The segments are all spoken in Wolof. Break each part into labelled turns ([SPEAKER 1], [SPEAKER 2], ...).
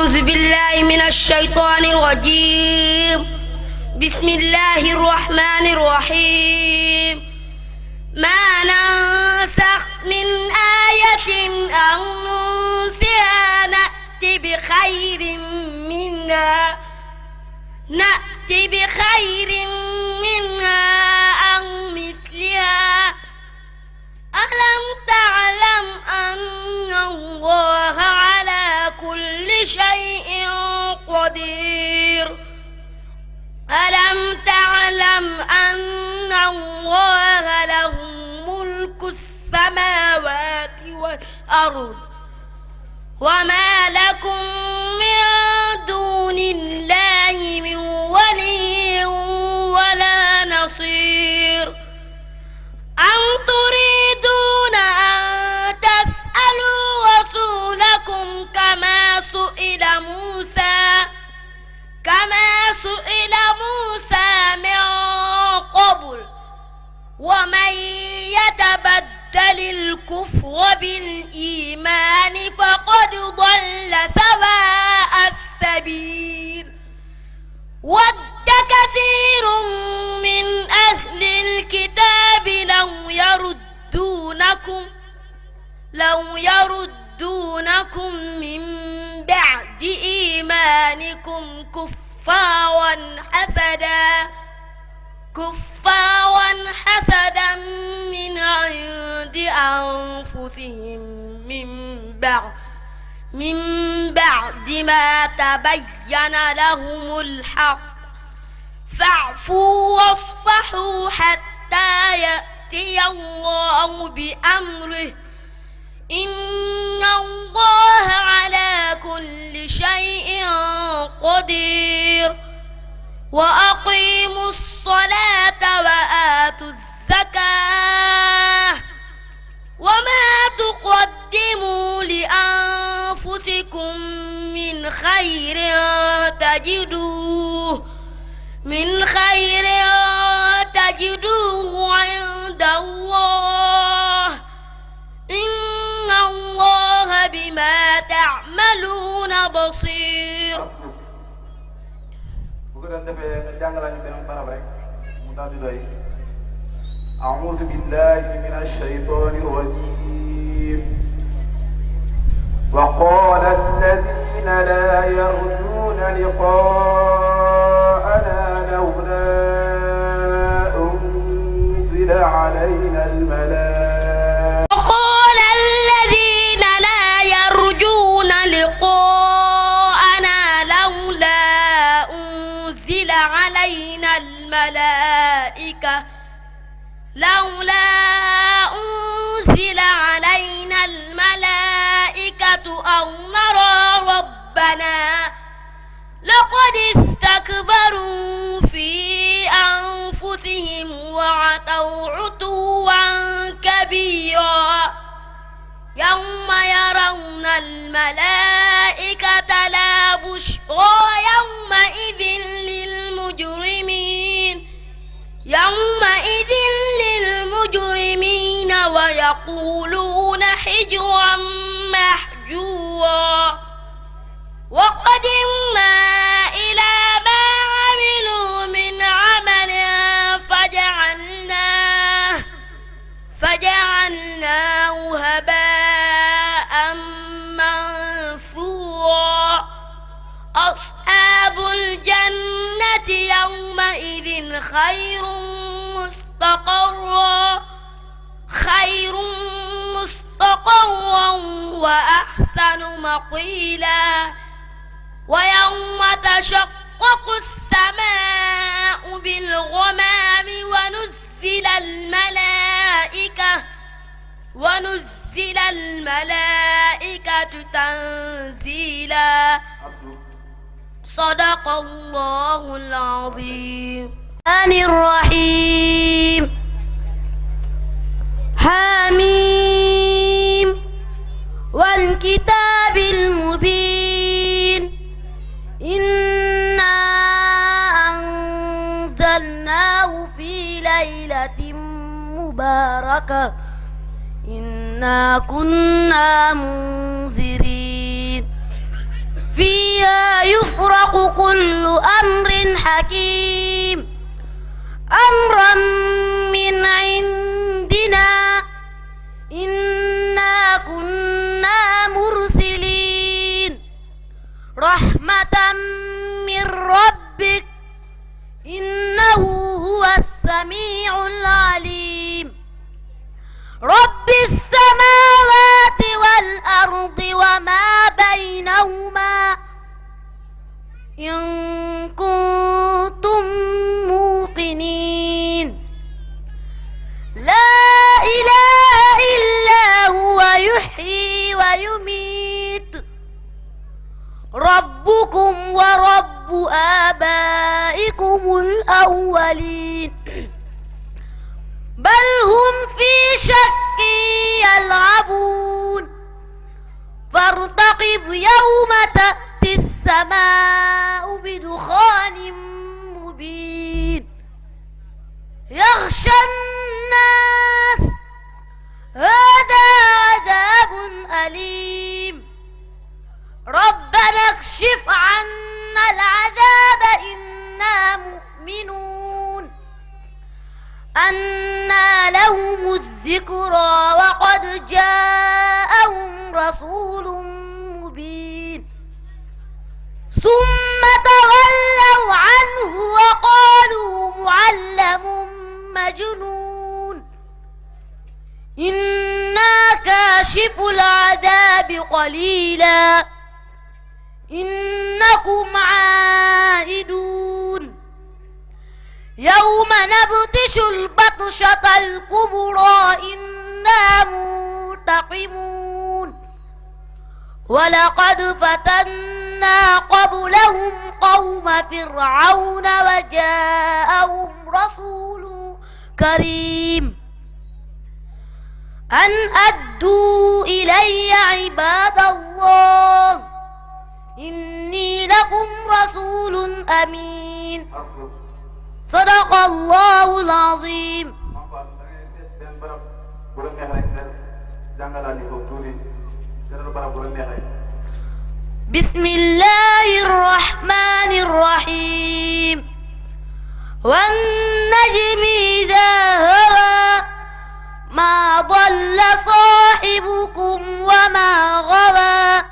[SPEAKER 1] أعوذ بالله من الشيطان
[SPEAKER 2] الرجيم بسم
[SPEAKER 1] الله الرحمن
[SPEAKER 3] الرحيم ما ننسخ من آية أو ننسها نأتي بخير منها نأتي بخير منها أو مثلها ألم تعلم أن الله على كل
[SPEAKER 2] شيء قدير ألم تعلم أن الله له ملك السماوات والأرض وما لكم
[SPEAKER 3] من دون الله من ولي
[SPEAKER 2] ولا نصير أم تريد تريدون أن تسألوا رسولكم كما سئل موسى كما سئل موسى من قبل ومن يتبدل الكفر بالإيمان فقد ضل سواء السبيل ود كثير من أهل الكتاب لو يرد
[SPEAKER 3] يردونكم لو يردونكم من بعد إيمانكم كفارا حسدا كفارا حسدا من عند
[SPEAKER 2] أنفسهم من بعد من بعد ما تبين لهم الحق فاعفوا واصفحوا حتى يأتوا يأتي الله
[SPEAKER 3] بأمره إن الله على كل
[SPEAKER 2] شيء قدير وأقيموا الصلاة وآتوا الزكاة وما تقدموا لأنفسكم من خير تجدوه min xayrin tajiduhu inda Allah
[SPEAKER 3] inna Allaha bima ta'maluuna
[SPEAKER 2] basiir
[SPEAKER 1] bu ko doon defee jàngalaa ñu benn barab rek mu daal di doy a'uudu billahi mina shaytaani rajiim وقال الذين لا يرجون لقاءنا لولا أنزل علينا الملائكة
[SPEAKER 3] وقال الذين لا يرجون لقاءنا لولا أنزل علينا الملائكة لولا أنزل ربنا لقد استكبروا في أنفسهم وعتوا عتوا كبيرا يوم يرون الملائكة لا بشرى يومئذ للمجرمين يومئذ للمجرمين ويقولون حجرا محجورا وقدمنا إلى ما عملوا من عمل فجعلناه فجعلناه هباء منثورا أصحاب الجنة يومئذ
[SPEAKER 2] خير مستقرا خير مستقرا وأحسن مقيلا ويوم تشقق السماء بالغمام ونزل الملائكة
[SPEAKER 3] ونزل الملائكة تنزيلا صدق الله العظيم الرحمن الرحيم حميم والكتاب المبين إنا أنزلناه في ليلة مباركة إنا كنا منذرين فيها يفرق كل أمر حكيم أمرا من عندنا إنا كنا مرسلين rahmatan min rabbik innahu huwa as-sami'ul 'alim rabbi as-samawati wal ardi wa ma baynahuma in kuntum muqinin la ilaha illa huwa yuhyi wa yumiit ربكم ورب آبائكم الأولين بل هم في شك يلعبون فارتقب يوم تأتي السماء بدخان مبين
[SPEAKER 4] يغشى
[SPEAKER 3] الناس هذا عذاب أليم ربنا اكشف عنا العذاب إنا مؤمنون أنا لهم الذكرى وقد جاءهم رسول مبين ثم تولوا عنه وقالوا معلم مجنون إنا كاشف العذاب قليلاً إنكم عائدون يوم نبطش البطشة الكبرى إنا منتقمون ولقد فتنا قبلهم قوم فرعون وجاءهم رسول كريم أن أدوا إلي عباد الله إني لكم رسول أمين
[SPEAKER 1] صدق الله
[SPEAKER 3] العظيم بسم الله الرحمن الرحيم والنجم إذا هوى ما ضل صاحبكم وما غوى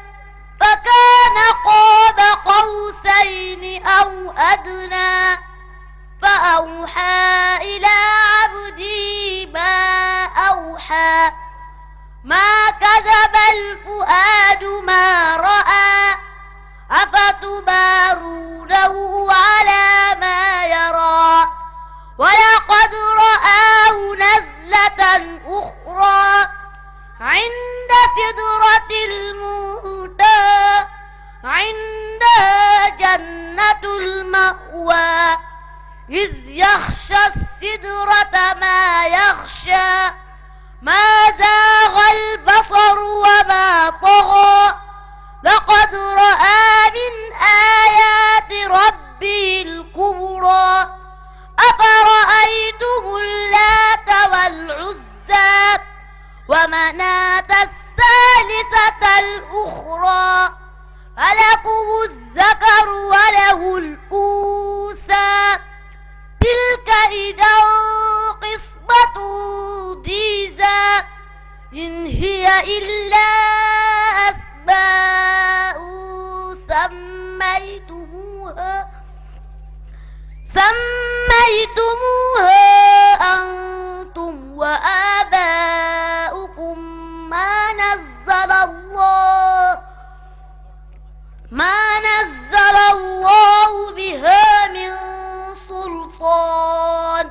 [SPEAKER 3] فكان قاب قوسين أو أدنى فأوحى إلى عبدي ما أوحى ما كذب الفؤاد ما رأى أفتمارونه على ما يرى ولقد رآه نزلة أخرى عند سدرة المنتهى عندها جنة المأوى إذ يخشى السدرة ما يخشى ما زاغ البصر وما طغى لقد رأى من آيات ربه الكبرى أفرأيتم اللات والعزى ومناة الثالثة الأخرى فله الذكر وله الأنثى تلك إذا قسمة ضيزى إن هي إلا أسماء سميتموها سميتموها أنتم وآباؤكم ما نزل الله ما نزل الله بها من سلطان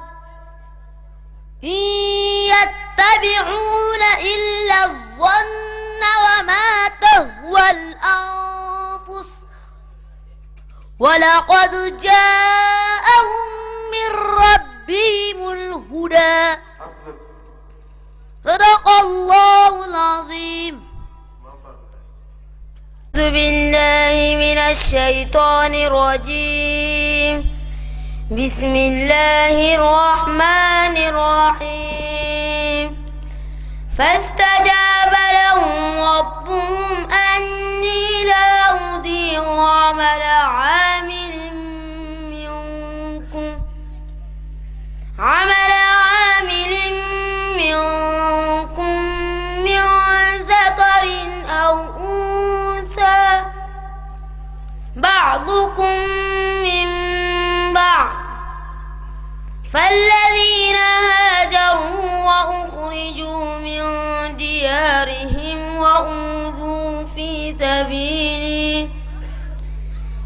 [SPEAKER 3] إن يتبعون إلا الظن وما تهوى الأنفس ولقد جاء ربهم الهدى صدق الله العظيم أعوذ بالله من الشيطان الرجيم بسم الله الرحمن الرحيم فاستجاب لهم ربهم أني لا أضيع عمل عامل عمل عامل منكم من ذكر أو أنثى بعضكم من بعض فالذين هاجروا وأخرجوا من ديارهم وأوذوا في سبيلي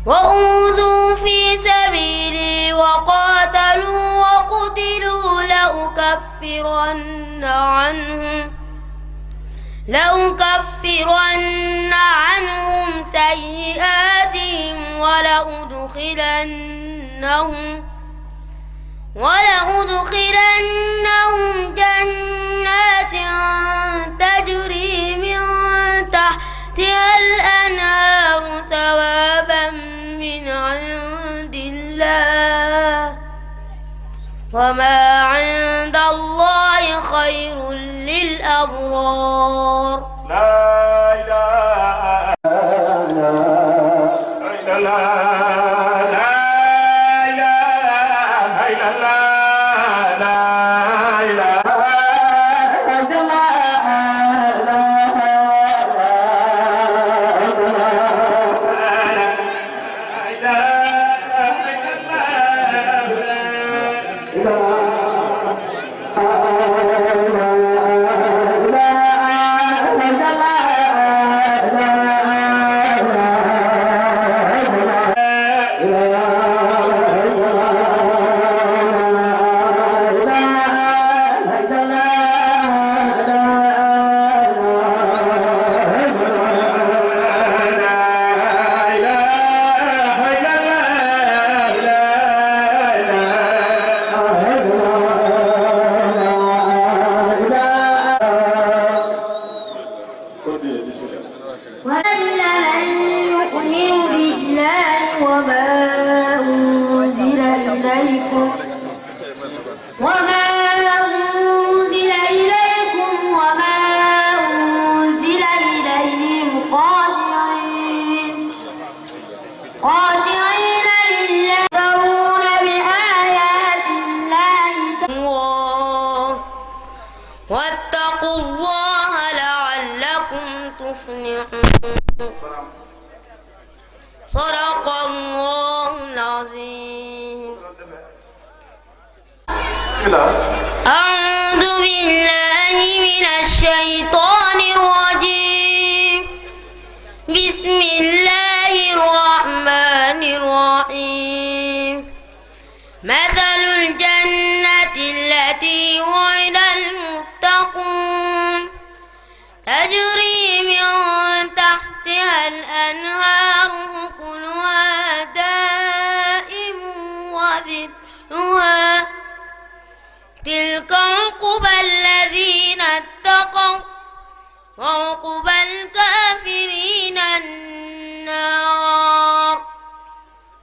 [SPEAKER 4] وأوذوا
[SPEAKER 3] في سبيلي وقاتلوا وقتلوا لأكفرن عنهم لأكفرن عنهم سيئاتهم ولأدخلنهم ولأدخلنهم جنات تجري من تحتها الأنهار ثوابا عند الله وما عند الله خير للأبرار لا إله
[SPEAKER 1] إلا الله
[SPEAKER 3] واتقوا الله لعلكم تفلحون صدق الله العظيم أعوذ بالله من الشيطان فوقب الذين اتقوا وعقب الكافرين النار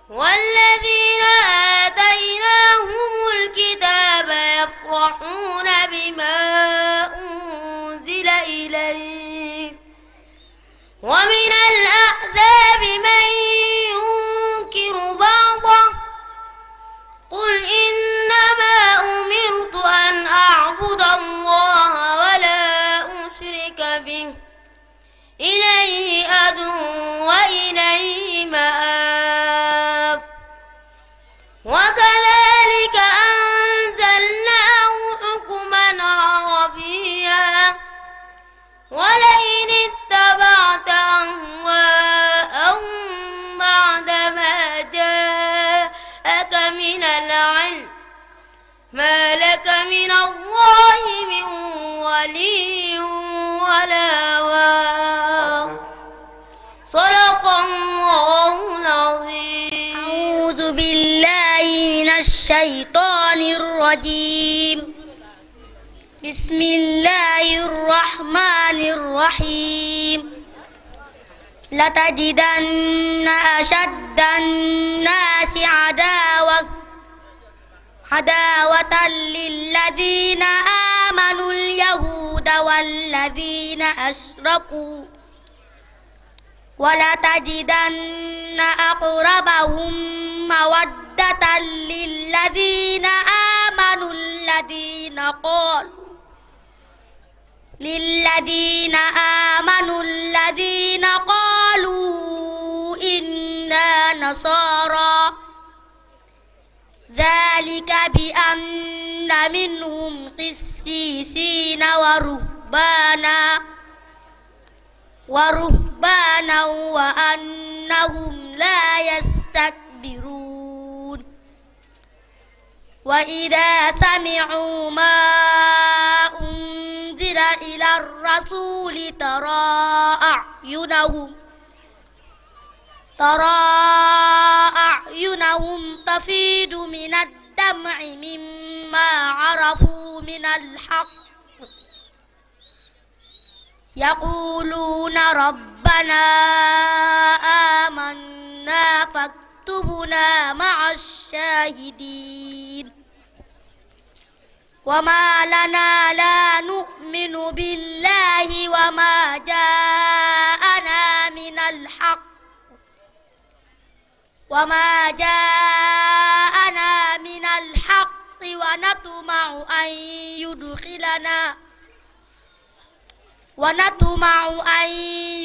[SPEAKER 3] والذين آتيناهم الكتاب يفرحون بما أنزل إليك ومن الأحزاب من أعبد الله ولا أشرك به إليه أدعو وإليه مآب وكذلك أنزلناه حكما عربيا ولئن اتبعت أهواءهم ما لك من الله من ولي ولا واق صدق الله العظيم أعوذ بالله من الشيطان الرجيم بسم الله الرحمن الرحيم لتجدن أشد الناس عداوة عداوة للذين آمنوا اليهود والذين أشركوا ولتجدن أقربهم مودة للذين آمنوا الذين قالوا للذين آمنوا الذين قالوا إنا نصارى ذلك بأن منهم قسيسين ورهبانا ورهبانا وأنهم لا يستكبرون وإذا سمعوا ما أنزل إلى الرسول ترى أعينهم ترى عيونهم تفيض من الدمع مما عرفوا من الحق يقولون ربنا آمنا فاكتبنا مع الشاهدين وما لنا لا نؤمن بالله وما جاءنا وما جاءنا من الحق ونطمع أن يدخلنا ونطمع أن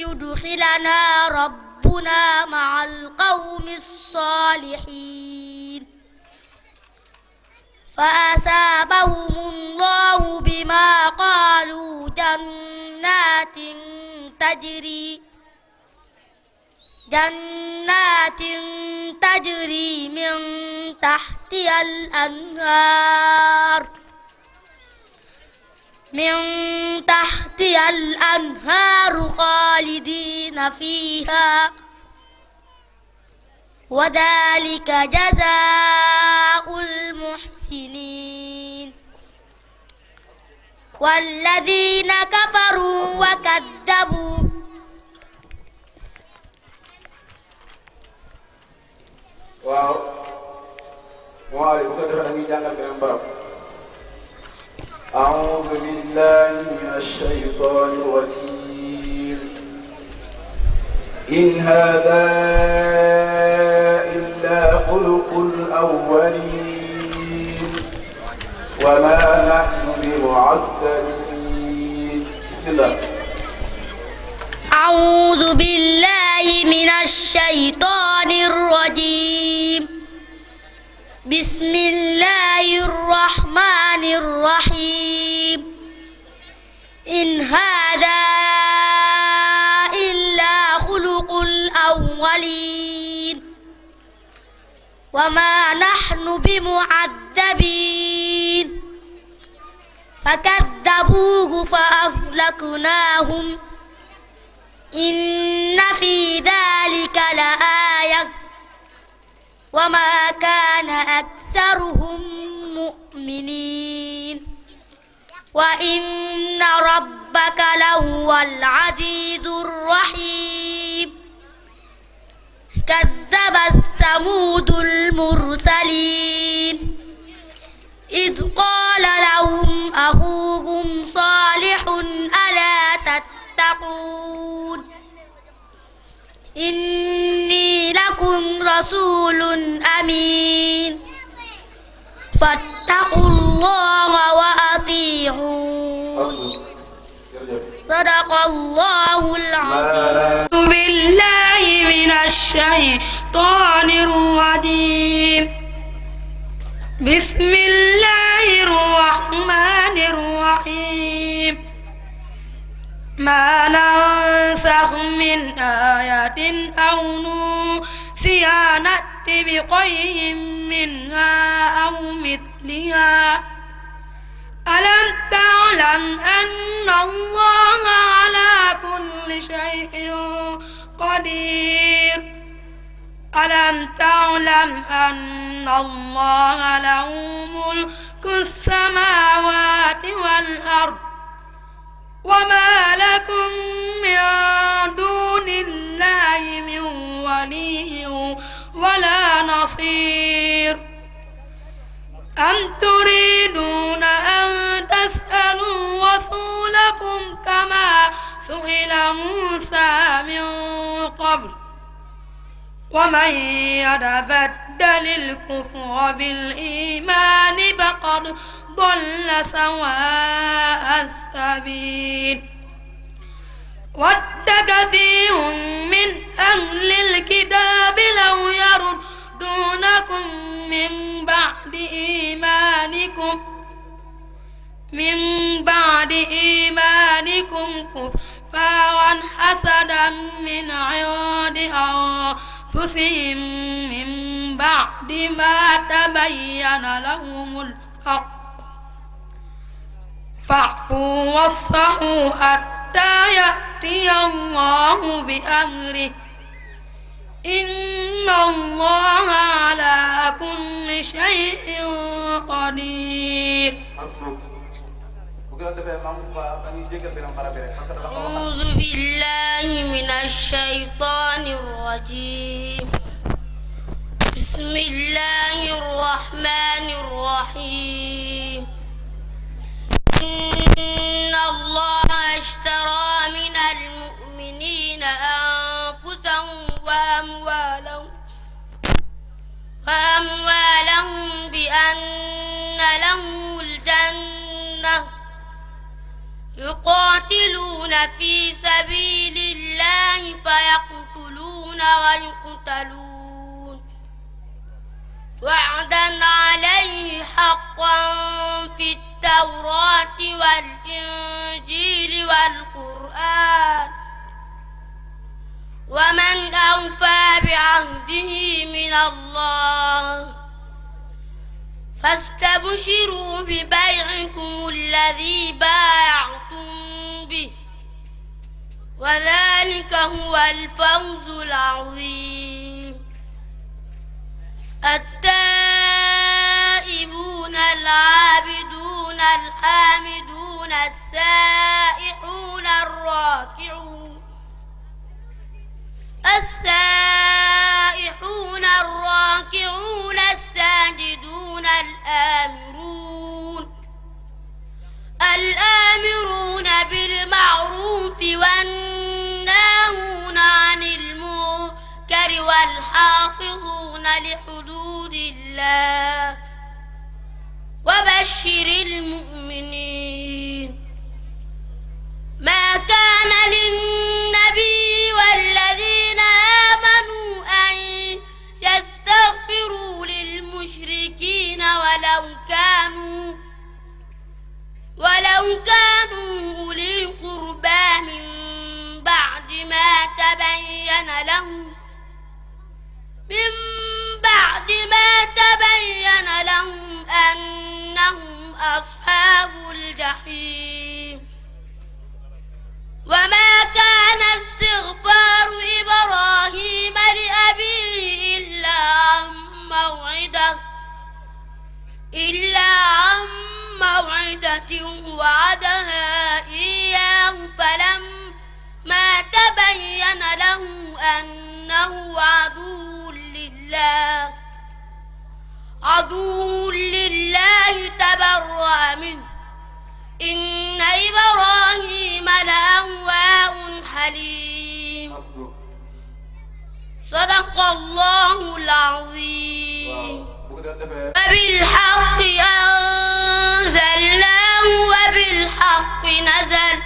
[SPEAKER 3] يدخلنا ربنا مع القوم الصالحين فأثابهم الله بما قالوا جنات تجري جنات تجري من تحتها الأنهار من تحتها الأنهار خالدين فيها وذلك جزاء المحسنين والذين كفروا وكذبوا
[SPEAKER 1] waaw mooy bu ko defee da ngay jàngal beneen barab أعوذ بالله من الشيطان الرجيم إن هذا إلا خلق الأولين وما نحن بمعذبين بسم الله
[SPEAKER 3] أعوذ بالله من الشيطان الرجيم بسم الله الرحمن الرحيم إن هذا إلا خلق الأولين وما نحن بمعذبين فكذبوه فأهلكناهم إن في ذلك لآية وما كان أكثرهم مؤمنين وإن ربك لهو العزيز الرحيم كذب ثمود المرسلين إذ قال لهم أخوهم صالح أن تتقون إني لكم رسول أمين فاتقوا الله وأطيعون صدق الله العظيم بالله من الشيطان الرجيم بسم الله ما ننسخ من آية أو ننسها نأت بخير منها أو مثلها ألم تعلم أن الله على كل شيء قدير ألم تعلم أن الله له ملك السماوات والأرض وما لكم من دون الله من ولي ولا نصير
[SPEAKER 4] أم تريدون أن تسألوا رسولكم كما سئل موسى من
[SPEAKER 3] قبل ومن يتبدل الكفر بالإيمان فقد ضل سواء
[SPEAKER 4] السبيل ود كثير من أهل الكتاب لو يردونكم من بعد إيمانكم من بعد إيمانكم كفارا حسدا من عند أنفسهم من بعد ما تبين لهم الحق فاعفوا واصفحوا حتى يأتي الله بأمره
[SPEAKER 3] إن الله على كل شيء قدير
[SPEAKER 1] أعوذ
[SPEAKER 3] بالله من الشيطان الرجيم بسم الله الرحمن الرحيم إن الله اشترى من المؤمنين أنفسهم وأموالهم وأموالهم بأن لهم الجنة يقاتلون في سبيل الله فيقتلون ويقتلون وعدا عليه حقا في الدين التوراة والإنجيل والقرآن ومن أوفى بعهده من الله فاستبشروا ببيعكم الذي بايعتم به وذلك هو
[SPEAKER 2] الفوز
[SPEAKER 3] العظيم التالي التائبون العابدون الحامدون السائحون الراكعون له من بعد ما تبين لهم أنهم أصحاب الجحيم وما كان استغفار إبراهيم لأبيه إلا عن موعدة إلا عن موعدة وعدها إياه فلما ما تبين له أنه عدو لله عدو لله تبرأ منه إن إبراهيم لأواه حليم صدق الله العظيم وبالحق أنزلناه وبالحق نزل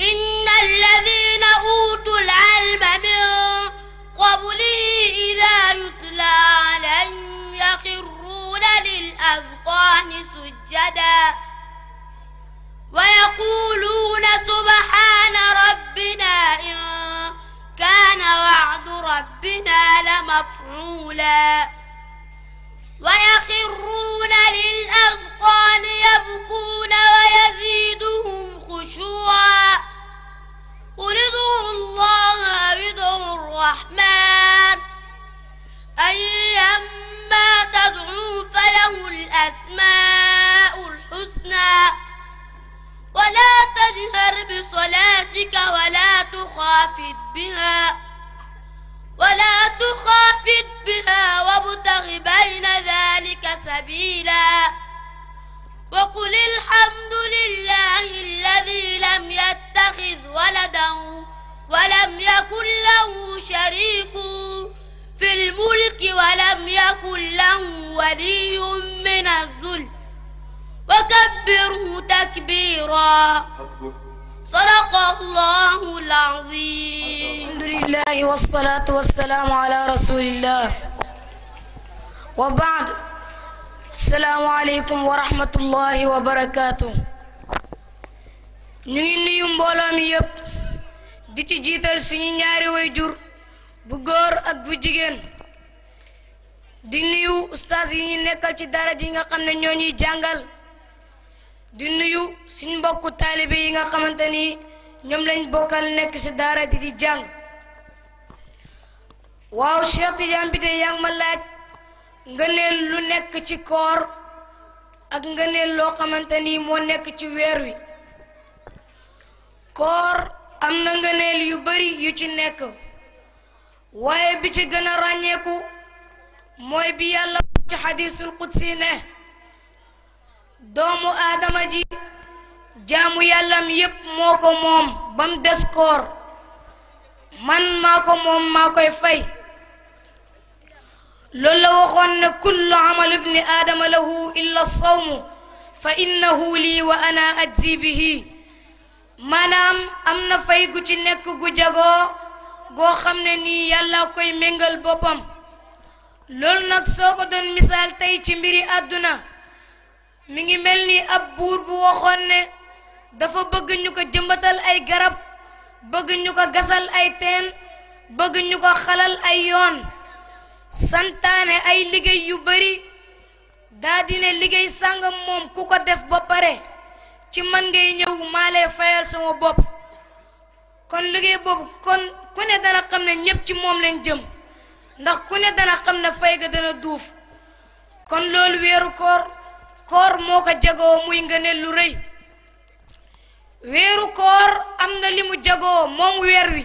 [SPEAKER 3] إن الذين أوتوا العلم من قبله إذا يتلى عليهم يخرون للأذقان سجدا ويقولون سبحان ربنا إن كان وعد ربنا لمفعولا ويخرون للأذقان يبكون ويزيدهم خشوعا قل ادعوا الله أو ادعوا الرحمن أيما تدعوا فله الأسماء الحسنى ولا تجهر بصلاتك ولا تخافت بها ولا تخافت بها وابتغ بين ذلك سبيلا وقل الحمد لله الذي لم يتخذ ولدا ولم يكن له شريك في الملك ولم يكن له ولي من الذل وكبره
[SPEAKER 4] تكبيرا sadaqallahul aziim alhamdulillahi wassalaatu wassalaamu ala rasulillah wa baad assalaamu aleykum wa rahmatullahi wa barakaatu ñu ngi nuyu mbooloo mi yépp di ci jiital suñu ñaari wayjur bu góor ak bu jigéen di nuyu ustaas yi ñu nekkal ci dara ji nga xam ne ñoo ñuy jàngal di nuyu suñ mbokku taalibe yi nga xamante ni ñoom lañ bokkal nekk ci daara di di jàng waaw Cheikh Tidiane bi de yaa ngi ma laaj lu nekk ci koor ak ngëneel loo xamante ni moo nekk ci weer wi koor am na ngëneel yu bari yu ci nekk waaye bi ci gën a ràññeeku mooy bi yàlla ci xadiisul qudsi ne doomu aadama ji jaamu yàllam yépp moo ko moom ba mu des koor man maa ko moom maa koy fay loolu la waxoon ne kullu amal ibni aadama lahu illa sawmu fa innahu lii wa ana ajzi bihi maanaam am na fay gu ci nekk gu jago goo xam ne nii yàlla koy mengal boppam lool nag soo ko doon misaal tey ci mbiri àdduna mi ngi mel ni ab buur bu waxoon ne dafa bëgg ñu ko jëmbatal ay garab bëgg ñu ko gasal ay teen bëgg ñu ko xalal ay yoon santaane ay liggéey yu bari daa di ne liggéey sàngam moom ku ko def ba pare ci man ngay ñëw maa lay fayal sama bopp kon liggéey boobu kon ku ne dana xam ne ñépp ci moom lañ jëm ndax ku ne dana xam ne fay ga dana duuf kon loolu weeru koor koor moo ko jagoo muy ngëneel lu rëy weeru koor am na li mu jagoo moom weer wi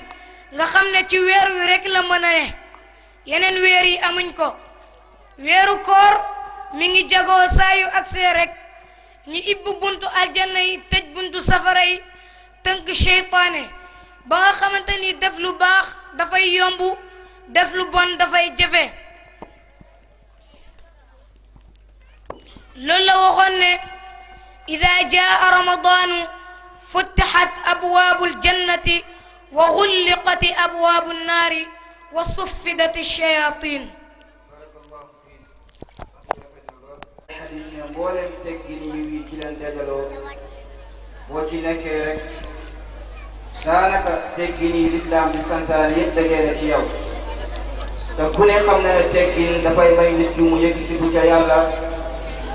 [SPEAKER 4] nga xam ne ci weer wi rekk la mën yeneen weer yi amuñ ko weeru koor mi ngi jagoo saa yu agsee rek ñi ibbu buntu aljanna yi tëj buntu safara yi tënk seytaane ba nga xamante ni def lu baax dafay yomb def lu bon dafay jafe loolu la waxoon ne ida jaa ramadaanu futtixat abwaabu aljannati wa xulliqat abwaabu nnaari wa suffidat alchayatin
[SPEAKER 1] mboolem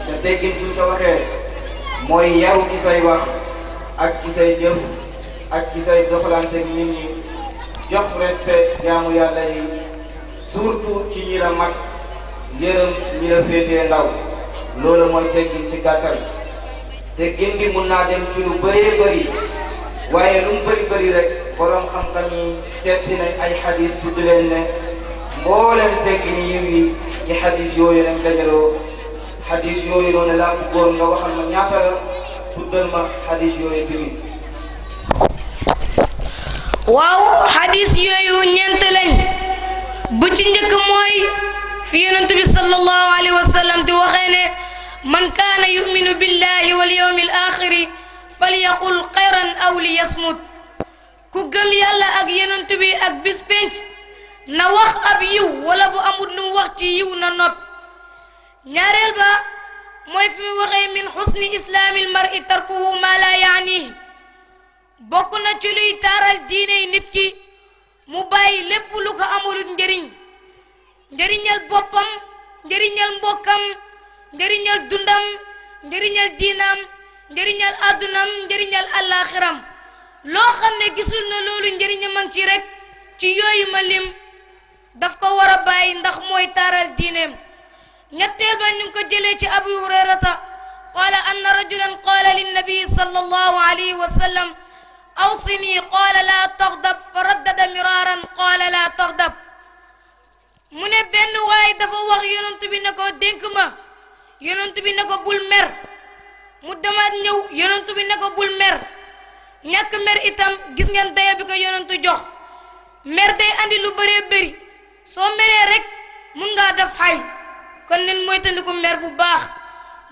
[SPEAKER 1] te teggin suñ ko waxee mooy yaru ci say wax ak ci say jëf ak ci say doxalante ak nit ñi jox respect jaamu yàlla yi surtout ci ñi la mag yërëm ñi la féetee ndaw loolu mooy teggin si gàttal teggin bi mun naa dem ci lu bëree waaye lu mu bëri bëri rek borom xam-xam yi seeti nañ ay xadis tudd leen ne mboolem teggin yi yi ci xadis yooyu lañ dajaloo xadis yooyu la tuddal
[SPEAKER 4] waaw xadis yooyu ñeent lañ bu ci njëkk mooy fi yonent bi sallallahu alayhi man kaana yuminu billahi wal yawmi al axiri falyaqul aw liyasmut ku gëm yàlla ak yonent bi ak bis na wax ab yiw wala bu amul wax ci yiw na noppi. ñaareel ba mooy fi mu waxee min xusni islaamil mar'i tarkuhu maa bokk na ci luy taaral diine nit ki mu bàyyi lépp lu ko amulut njëriñ njëriñal boppam njëriñal mbokkam njëriñal dundam njëriñal diinam njëriñal addunam njëriñal àllaaxiram loo xam ne gisul na loolu njëriña ci rek ci yooyu ma lim daf ko war a bàyyi ndax mooy taaral diineem ñetteel ba ñu ngi ko jëlee ci abu hurayrata qaala anna rajulan qaala linnabii sallallahu alayhi wa sallam awsini qaala laa taxdab fa raddada miraaran qaala laa taxdab mu ne benn waay dafa wax yonent bi ne ko dénk ma yonent bi ne ko bul mer mu demaat ñëw yonent bi ne ko bul mer ñàkk mer itam gis ngeen daya bi jox mer day andi lu bëree bëri soo meree rek mun ngaa def xay kon nen mooy tëndiku mer bu baax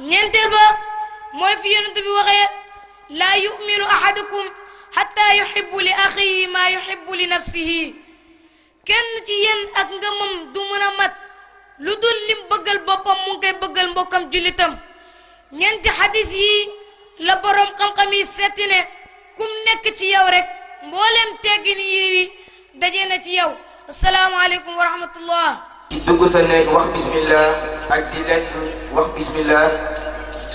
[SPEAKER 4] ñeenteel ba mooy fi yonent bi waxee laa yuminu ahadukum xatta yuhibbu li axihi maa yuhibbu li nafsihi kenn ci yéen ak ngëmam du mën a mat lu dul lim bëggal boppam mu ngi koy bëggal mbokkam jullitam ñeenti xadis yi la boroom xam-xam yi setti ne kum nekk ci yow rek mbooleem teggin yi daje na ci yow asalaamaaleykum wa rahmatullah
[SPEAKER 1] di dugg sa néeg wax bismillah ak di lekk wax bismillah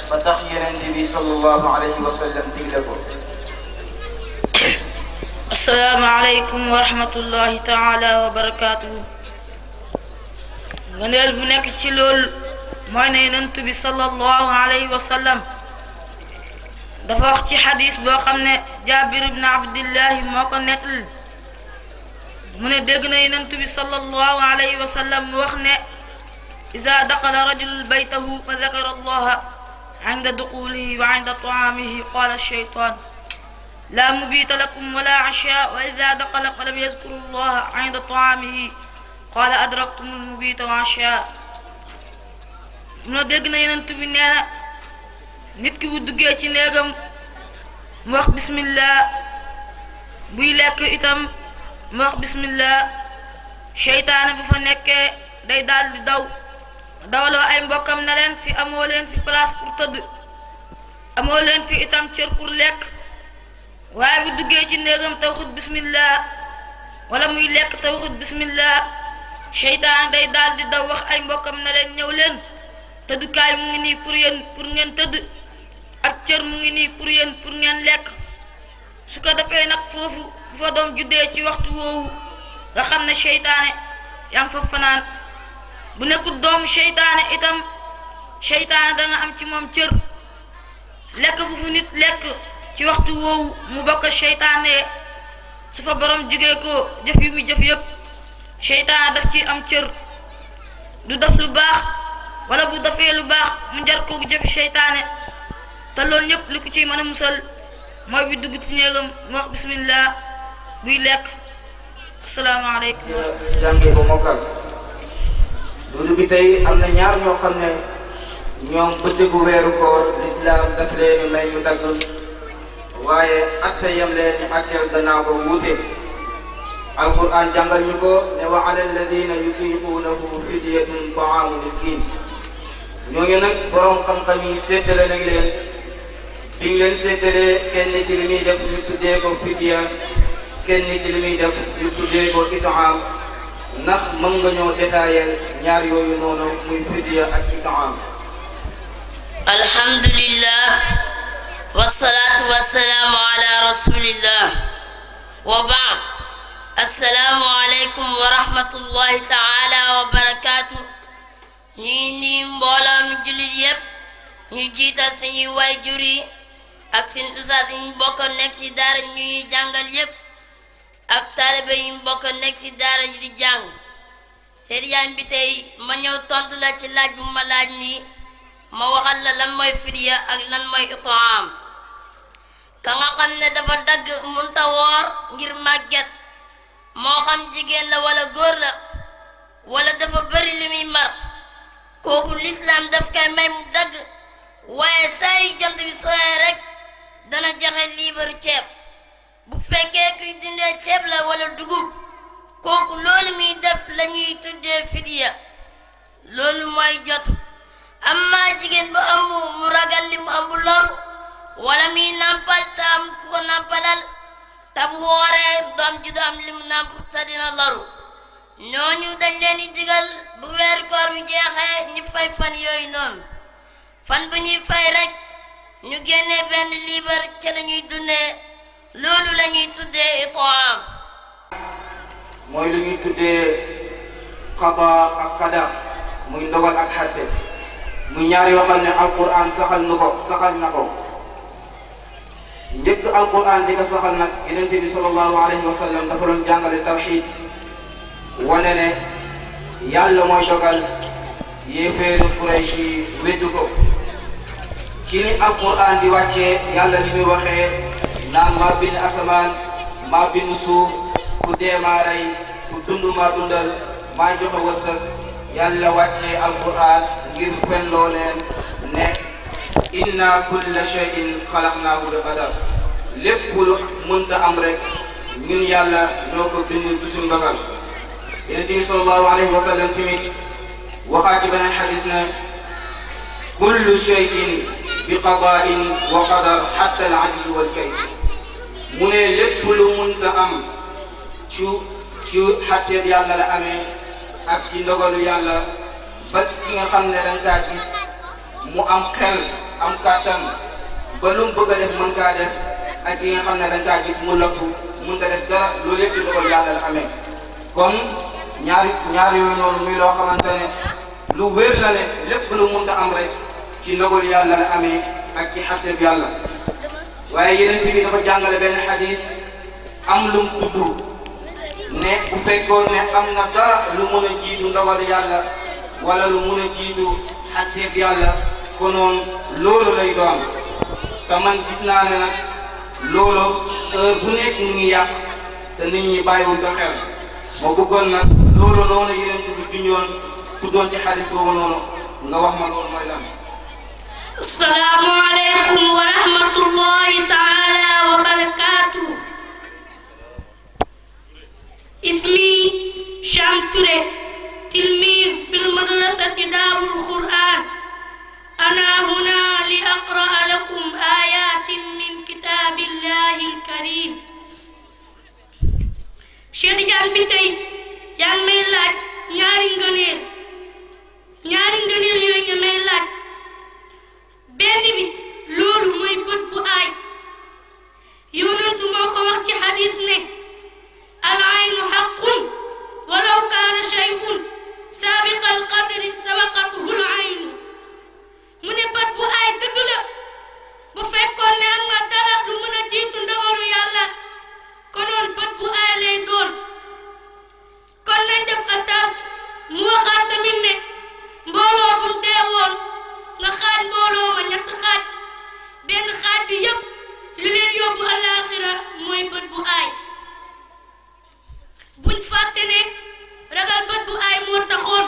[SPEAKER 1] ba tax yeneen bi sallallahu alayhi wa sallam digle ko
[SPEAKER 2] asalaamaaleykum wa rahmatullahi taala wa barakaatuhu ngëneel bu nekk ci loolu mooy ne yonent bi sallallahu alayhi wa sallam dafa wax ci xadis boo xam ne jaabir ibn abdillahi moo ko nettali mu ne dégg na yonent bi sallallahu alayhi wa sallam wax ne ida daqala rajulun baytahu fa dakara allaha inda duqulihi wa inda taamihi qaala ash-shaytaan laa mubiita lakum wala ashaa wa ida daqala falam yadkuru allaha inda taamihi qaala adraktum al-mubiita wa ashaa mu ne dégg na yonent bi nee na nit ki bu duggee ci néegam mu wax bismillah buy lekk itam mu wax bismillah seytaane bu fa nekkee day daal di daw dawaloo ay mbokkam ne leen fi amoo leen fi place pour tëdd amoo leen fi itam cër pour lekk waaye bu duggee ci néegam te waxut bismillah wala muy lekk te waxut bismillah seytaane day daal di daw wax ay mbokkam ne leen ñëw leen tëddukaay mu ngi nii pour yéen pour ngeen tëdd ak cër mu ngi nii pour yéen pour ngeen lekk su ko defee nag foofu bu fa doom juddee ci waxtu woowu nga xam ne seytaane yaa ngi fa fanaan bu nekkul doomu seytaane itam seytaane danga am ci moom cër lekk bu fu nit lekk ci waxtu woowu mu bokk seytaane su fa borom jugee ko jëf yu mu jëf yëpp seytaane daf ci am cër du def lu baax walla bu defee lu baax mu jar ko jëfi seytaane te loolu ñëpp li ko ciy mën a musal mooy bi dugg ci néegam mu wax bismillah buy lekk asalaamaaleykum. jàngee ba mokkal dundu bi tey
[SPEAKER 1] am na ñaar ñoo xam ne ñoom bëccëgu weeru koor lislaam daf leen may ñu dagg waaye atte yam leen ñu àtteel danaa ko wuute alquran jàngal ñu ko ne wa ala alladina yutiquunahu fidyatun taamu miskin ñooñu nag borom xam-xam yi séddale nañ leen biñ leen séddalee kenn ci li muy def ñu tuddee ko kenn ci li muy def ñu tuddee ko itaam ndax mën nga ñoo détaayal ñaar yooyu noonu muy fidiya ak itaam
[SPEAKER 3] alhamdulillah wasalaatu wasalaamu ala rasulillah wa baad assalaamu aleykum wa rahmatullahi taala wa barakaatu ñii nii mbooloo mi jullit yépp ñu jiital suñuy waay jur yi ak seen usaas yi ñu bokkoon nekk ci daara ñuy jàngal yépp ak taalibe yu mbokk nekk ci daara ji di jàng seediyaan bi tey ma ñëw tontu la ci laaj bu ma laaj nii ma waxal la lan mooy fidiya ak lan mooy itaam ka nga xam ne dafa dagg munta woor ngir màgget moo xam jigéen la wala góor la wala dafa bëri li muy mar kooku lislaam daf koy may mu dagg waaye saa jant bi sooyee rek dana joxe liibaru ceeb bu fekkee kuy dindee ceeb la walla dugub kooku loolu muy def la ñuy tuddee fidiya loolu mooy jotu amma jigéen bu ëmb mu ragal li mu ëmb loru wala muy nampal te am ku ko nampalal doom ju du am li dina loru ñooñu dañ leen digal bu weer koor bi jeexee ñu fay fan yooyu noonu fan bu ñuy fay rek ñu génnee benn liibar ca la dundee loolu la ñuy tuddee itaam
[SPEAKER 1] mooy lu ñuy tuddee qada muy ndogal ak xarte muy ñaar yoo xam ne alquran saxal na ko saxal na ko njëkk alquran di ko saxal nag yonent bi sallallahu alayhi wa dafa doon jàngale tawxid wane ne yàlla mooy dogal yéeféeru Quraysh yi wéddu ko ci ni alquran di wàccee yàlla ni muy waxee naan maa bind asamaan maa ku dee maa ku dund maa dundal maa joxe wërsëg yàlla wàccee alquran ngir fen ne inna kulla shay'in xalaqnaahu bi qadar lépp lu mënta am rek ñun yàlla ñoo ko bind du suñu dogal yonent bi sallallahu alayhi wa sallam tamit waxaat ci beneen bi qada'in wa qadar hatta al ajz wal kayd mu ne lépp lu mun sa am ci ci yàlla la amee ak ci ndogalu yàlla ba ci nga xam ne danga kaa mu am xel am kàttan ba lu mu bëgg def mën kaa def ak yi nga xam ne danga kaa mu lottu mun ta def dara loolu lépp ci ndogalu yàlla loo xamante ne lu wér lépp lu mun sa am rek ci ndogalu yàlla la amee ak ci xàtteeb yàlla waaye yeneen bi dafa jàngale benn xadis am lum tudd ne bu ne am na dara lu mun a jiitu ndawal yàlla wala lu mun a jiitu xatteef yàlla konoon loolu lay doon te man gis naa ne nag loolu nekk mu ngi yàq te nit ñi bàyyiwul ko xel ma bëggoon nag loolu noonu yeneen bi juñoon tuddoon ci xadis boobu noonu nga wax ma loolu mooy lan asalaamualeykum wa rahmatullahi taala wa barakaatu ismi Cham Touré tilmiid fil
[SPEAKER 5] madrasati daarul qur'aan ana huna li aqra'a lakum aayaatin
[SPEAKER 6] min kitaabillahil kariim Cheikh Tidiane bi tey yaa ngi may laaj ñaari ngëneel ñaari ngëneel yooyu nga may laaj benn bi loolu mooy bët bu aay yonentu moo ko wax ci xadis ne al aynu xaqun walaw kaana shay'un saabiqa al qadri sabaqatuhu al aynu mu ne bët bu aay dëgg la bu fekkoon ne am nga lu mën a jiitu ndogalu yàlla konoon bët bu aay lay doon kon lañ def attaas mu waxaat tamit ne mbooloo bu teewoon nga xaaj mbooloo ma ñett xaaj benn xaaj bi yëpp li leen yóbbu alaaxira mooy bët bu aay buñ fàtte ragal bët bu aay moo taxoon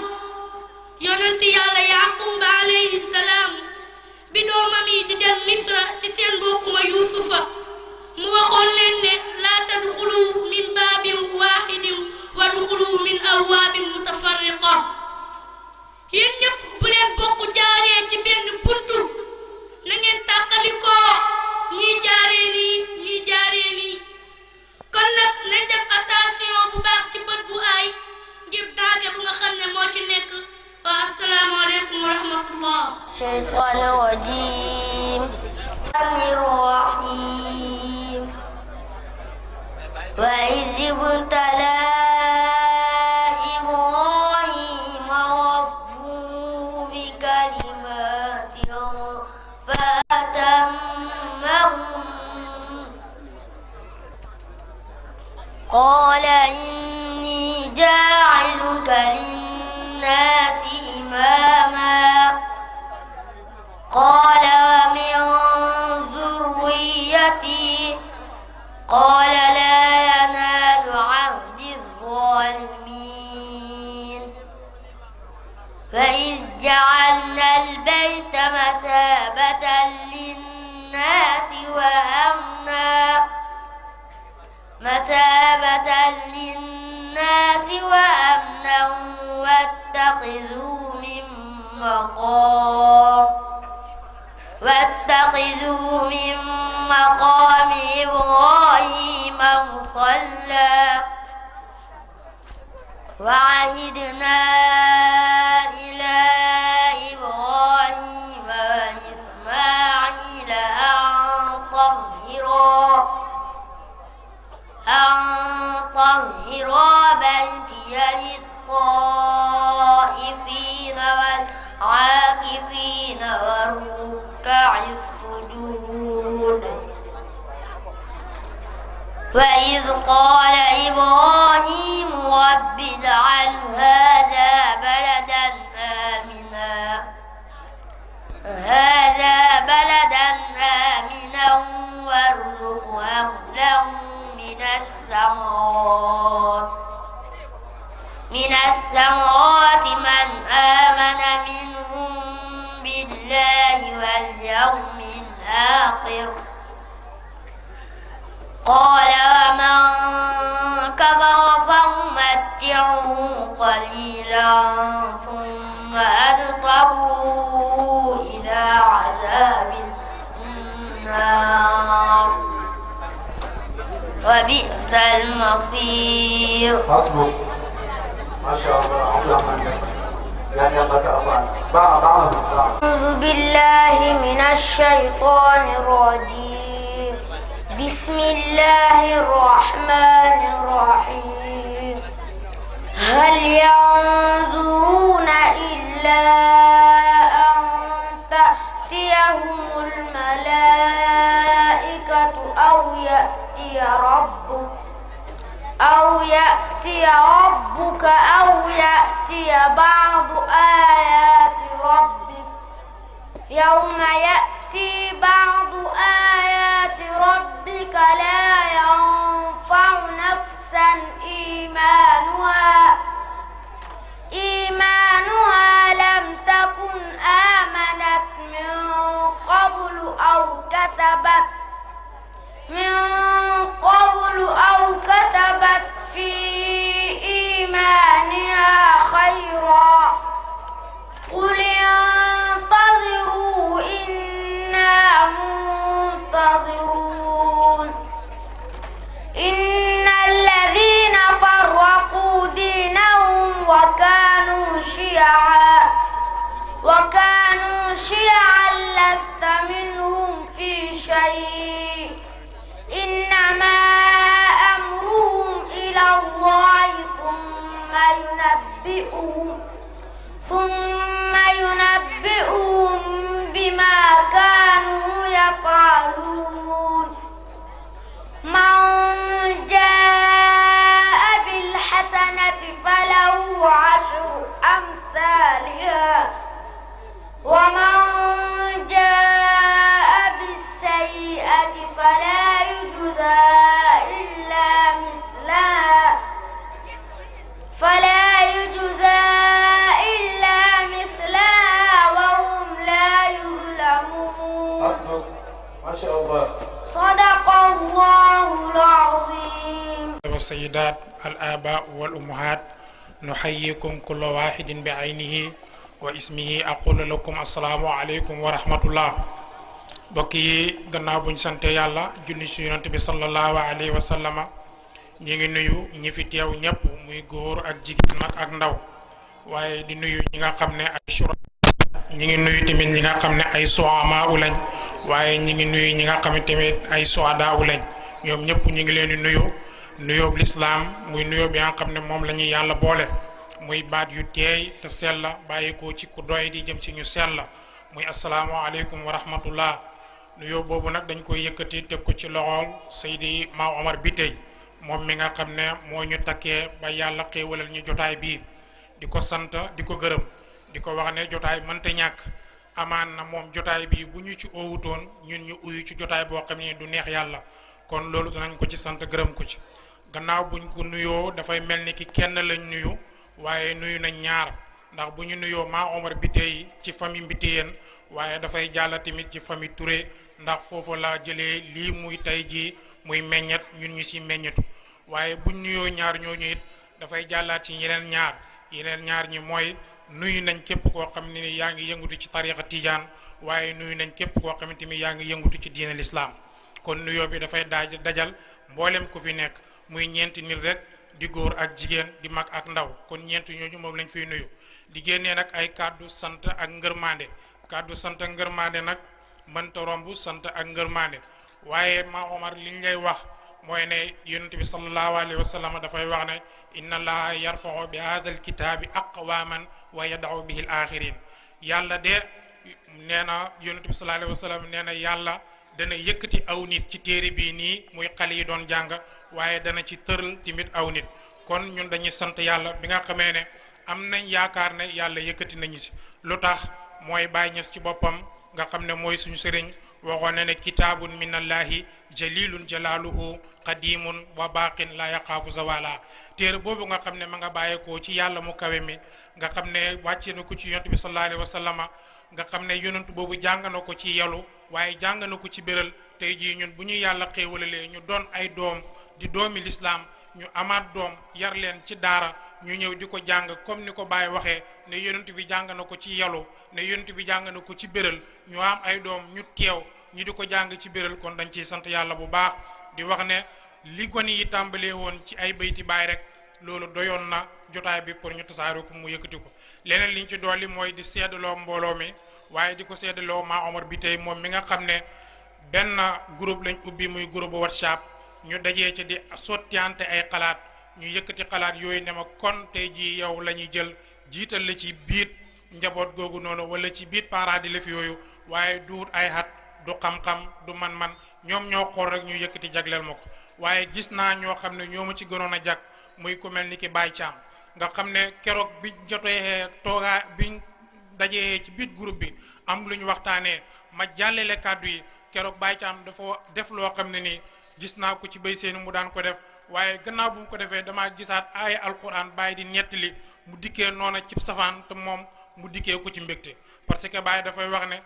[SPEAKER 6] yonent yàlla yaquba alayhi bi doomam yi di dem misra ci seen bokkuma yuusufa mu waxoon leen laa tadxulu min baabin waaxidin wa min abwaabin mutafarriqa yéen ñëpp bu leen bokk jaaree ci benn buntu na ngeen tàqalikoo ñii jaaree nii ñii nii kon nag nañ def attention bu baax ci bët bu aay ngir daange bu nga xam ne moo ci nekk wa asalaamaaleykum wa
[SPEAKER 3] قال إني جاعلك للناس إماما قال ومن ذريتي
[SPEAKER 5] قال لا
[SPEAKER 3] ينال عهد الظالمين فإذ جعلنا البيت مثابة للناس وأمنا مثابة للناس وأمنا واتخذوا من مقام واتخذوا من مقام إبراهيم مصلى وعهدنا إلى إبراهيم وإسماعيل أن طهرا أن طهر بيتي للطائفين والعاكفين والركع السجود فإذ قال إبراهيم رب اجعل هذا بلدا آمنا هذا بلدا آمنا وارزق أهله من الثمرات من الثمرات من آمن منهم بالله واليوم الآخر قال ومن كفر فأمتعه قليلا ثم أضطره إلى عذاب النار وبئس المصير
[SPEAKER 1] حسبك ما شاء الله عبد الرحمن يعني الله كرمان أعوذ
[SPEAKER 3] بالله من الشيطان الرجيم بسم الله الرحمن الرحيم هل ينظرون إلا تأتيهم الملائكة أو يأتي ربك أو يأتي ربك أو يأتي بعض آيات ربك يوم يأتي بعض آيات ربك لا ينفع نفسا إيمانها
[SPEAKER 5] wahidin bi aynihi wa ismihi aqulu wa rahmatullah mbokk yi gannaaw buñ sante yàlla julli ci yonent bi wa sallama ñi ngi nuyu ñi fi teew ñëpp muy góor ak jigéen mag ak ndaw waaye di nuyu ñi nga xam ne ay shura ngi nuyu tamit ñi nga xam ne ay suama u lañ waaye ñi ngi nuyu ñi nga xam ne tamit ay suada u lañ ñoom ñëpp ñu ngi leen di nuyu nuyoob lislaam muy nuyoo bi nga xam ne moom lañuy yàlla boole muy baat yu teey te sell bàyyikoo ci ku doy di jëm ci ñu la muy asalaamaaleykum wa rahmatullah nuyoo boobu nag dañ koy yëkkati teg ko ci loxool Seydi Maam Omar bi tey moom mi nga xam ne moo ñu takkee ba yàlla xéewalal ñu jotaay bii di ko sant di ko gërëm di ko wax ne jotaay mënta ñàkk amaan na moom jotaay bi bu ñu ci oowutoon ñun ñu uyu ci jotaay boo xam ne du neex yàlla kon loolu danañ ko ci sant gërëm ko ci gannaaw buñ ko nuyoo dafay mel ni ki kenn lañ nuyu waaye nuyu nañ ñaar ndax bu ñu nuyoo maa Omar Biteye ci famille Biteyeen waaye dafay jàll tamit ci famille Touré ndax foofu laa jëlee lii muy tey jii muy meññet ñun ñu si meññetu waaye bu ñu nuyoo ñaar ñooñu it dafay jàllaat ci yeneen ñaar yeneen ñaar ñi mooy nuyu nañ képp koo xam ne ni yaa ngi yëngatu ci tariixa tijaan waaye nuyu nañ képp koo xamante ni yaa ngi yëngatu ci diine lislaam kon nuyoo bi dafay daaj dajal mboolem ku fi nekk muy ñeenti nit rek. di góor ak jigéen di mag ak ndaw kon ñeent ñooñu moom lañ fiy nuyu di génnee nag ay kàddu sant ak ngërmaande kàddu sant ak ngërmaande nag mënta romb sant ak ngërmaande waaye ma Omar liñ lay wax mooy ne yonent bi sallallahu alayhi wa sallam dafay wax ne inna allaha yarfa'u bi hadha alkitaabi aqwaman wa yada'u bihi al axirin yàlla de nee na bi sallallahu alayhi wa yàlla dana yëkkati aw nit ci téere bii nii muy xale yi doon jàng waaye dana ci tëral timit aw nit kon ñun dañuy sant yàlla bi nga xamee ne am nañ yaakaar ne yàlla yëkkati nañu si lu tax mooy Baay Ñas ci boppam nga xam ne mooy suñu sëriñ waxoon na ne kitaabun minallahi jalilun jalaaluhu qadimun wa baaqin la yaqaafu zawala téere boobu nga xam ne ma nga bàyyeekoo ci yàlla mu kawe mi nga xam ne wàcce na ko ci yonent bi sallallahu alayhi wa sallama nga xam ne yonent boobu jàng na ko ci yalu waaye jàng na ko ci béral tey jii ñun bu ñu yàlla xéewalalee ñu doon ay doom di doomi lislaam ñu amaat doom yar leen ci daara ñu ñëw di ko jàng comme ni ko Baye waxee ne yonent bi jàng na ko ci yalu ne yonent bi jàng na ko ci béral ñu am ay doom ñu teew ñu di ko jàng ci béral kon dañ ciy sant yàlla bu baax di wax ne li gone yi tàmbalee woon ci ay bayti baay rek loolu doyoon na jotaay bi pour ñu tasaare ko mu yëkkati ko leneen liñ ci dolli mooy di seddaloo mbooloo mi waaye di ko seddaloo maa Omar bi tey moom mi nga xam ne benn groupe lañ ubbi muy groupe WhatsApp ñu dajee ci di sottiyante ay xalaat ñu yëkkati xalaat yooyu ne ma kon tey jii yow la ñuy jël jiital la ci biit njaboot googu noonu wala ci biit parents di lëf yooyu waaye duut ay xat du xam-xam du man-man ñoom ñoo xool rek ñu yëkkati jagleel ma ko waaye gis naa ñoo xam ne ñoo ma ci gënoon a jag muy ku mel ni ki Baye Thiam nga xam ne keroog bi biñ jotee toogaa biñ dajee ci biir groupe bi am lu ñu waxtaanee ma jàllale kàddu yi keroog Baye Thiam dafa def loo xam ne nii gis naa ko ci bay seeni mu daan ko def waaye gannaaw bu mu ko defee damaa gisaat aaya alquran Baye di nettali mu dikkee noona cib safaan te moom mu dikkee ko ci mbégte parce que Baye dafay wax ne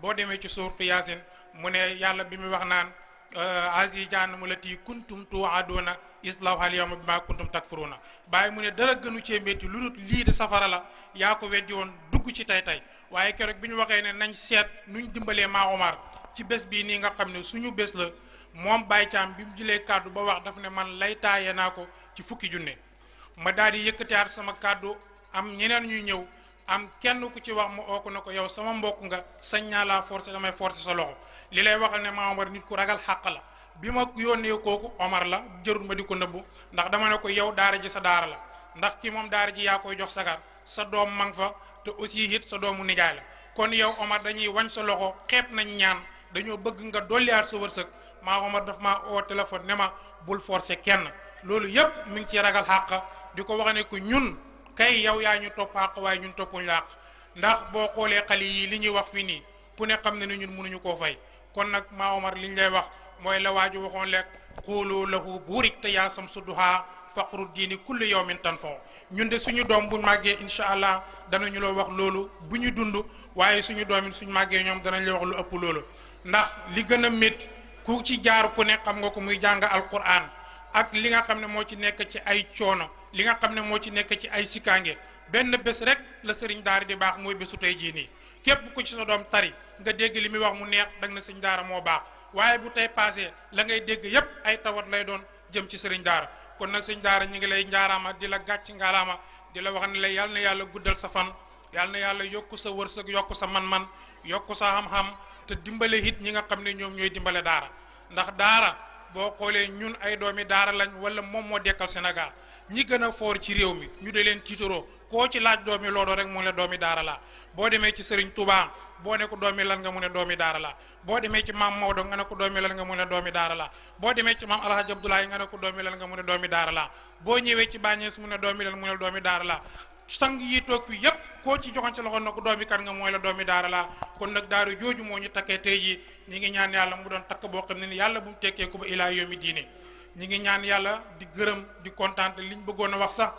[SPEAKER 5] boo demee ci suurtu Yaasin mu ne yàlla bi muy wax naan Euh, asi jahannama lati kuntum tuaduna islawha al yawma bima kuntum na bàyyi mu ne dara gënu cee métti lu dul lii de safara la yaa ko weddi woon dugg ci tey tey waaye keroog bi ñu waxee ne nañ seet nuñ dimbalee maa Omar ci bés bii nii nga xam ne suñu bés la moom Baye Thiam bi mu jëlee kàddu ba wax daf ne man lay taaye naa ko ci fukki junne ma daal di yëkkatiwaat sama kàddu am ñeneen ñuy ñëw am kenn ku ci wax mu ooku na ko yow sama mbokk nga sañ naa laa forcé damay forcé sa loxo li lay waxal ne maa Omar nit ku ragal xàq la bi ma yónnee kooku Omar la jërut ma di ko ndax dama ne ko yow daara ji sa daara la ndax ki moom daara ji yaa koy jox sagar sa doom ma nga te aussi it sa doomu nijaay la kon yow Omar dañuy wañ sa loxo xeeb nañ ñaan dañoo bëgg nga dolliwaat sa wërsëg maa Omar daf maa oo téléphone ne ma bul forcé kenn loolu yëpp mu ngi ci ragal xàq di ko wax ne ko ñun kay yow yaa ñu topp àq waaye ñun toppuñ la ndax boo xoolee xale yi li ñuy wax fii nii ku ne xam ne ni ñun mënuñu koo fay kon nag maa Omar li ñu lay wax mooy la waaju waxoon lekk xuulu lahu buurik te yaa su sudduhaa faqru diini kulli yawmin tan foo ñun de suñu doom bu màggee incha allah danañu la wax loolu bu ñu dund waaye suñu doom it suñu màggee ñoom danañ la wax lu ëpp loolu ndax li gën a métti ku ci jaar ku ne xam nga ko muy jàng alquran ak li nga xam ne moo ci nekk ci ay coono li nga xam ne moo ci nekk ci ay sikkaange benn bés rek la sëriñ daara di baax mooy bésu tey jii nii képp ku ci sa doom tari nga dégg li muy wax mu neex danga na sëñ daara moo baax waaye bu tey passé la ngay dégg yépp ay tawat lay doon jëm ci sëriñ daara kon nag sëñ daara ñu ngi lay njaaraama di la gàcc ngaalaama di la wax ne la yàlla na yàlla guddal sa fan yàlla na yàlla yokk sa wërsëg yokku sa man-man yokk sa xam-xam te dimbale it ñi nga xam ne ñoom ñooy dimbale daara boo xoolee ñun ay doomi daara lañ wala moom moo dekkal Sénégal ñi gën a foor ci réew mi ñu de leen tiituroo koo ci laaj doomi loolu rek mu ne doomi daara laa boo demee ci Serigne Touba boo ne ko doomi lan nga mu ne doomi daara laa boo demee ci maam Maodo nga ne ko doomi lan nga mu ne doomi boo demee ci maam Alhaji Abdoulaye nga ne ko doomi lan nga mu ne doomi daara la boo ñëwee ci Bagnès mu ne doomi lan mu ne doomi daara la sang yi toog fii yépp koo ci joxoon sa loxo na ko doomi kan nga mooy la doomi daara laa kon nag daara jooju moo ñu takkee tey jii ñi ngi ñaan yàlla mu doon takk boo xam ne ni yàlla bu mu tekkee ko ba ilaa ngi ñaan yàlla di gërëm di kontaan liñ bëggoon a wax sax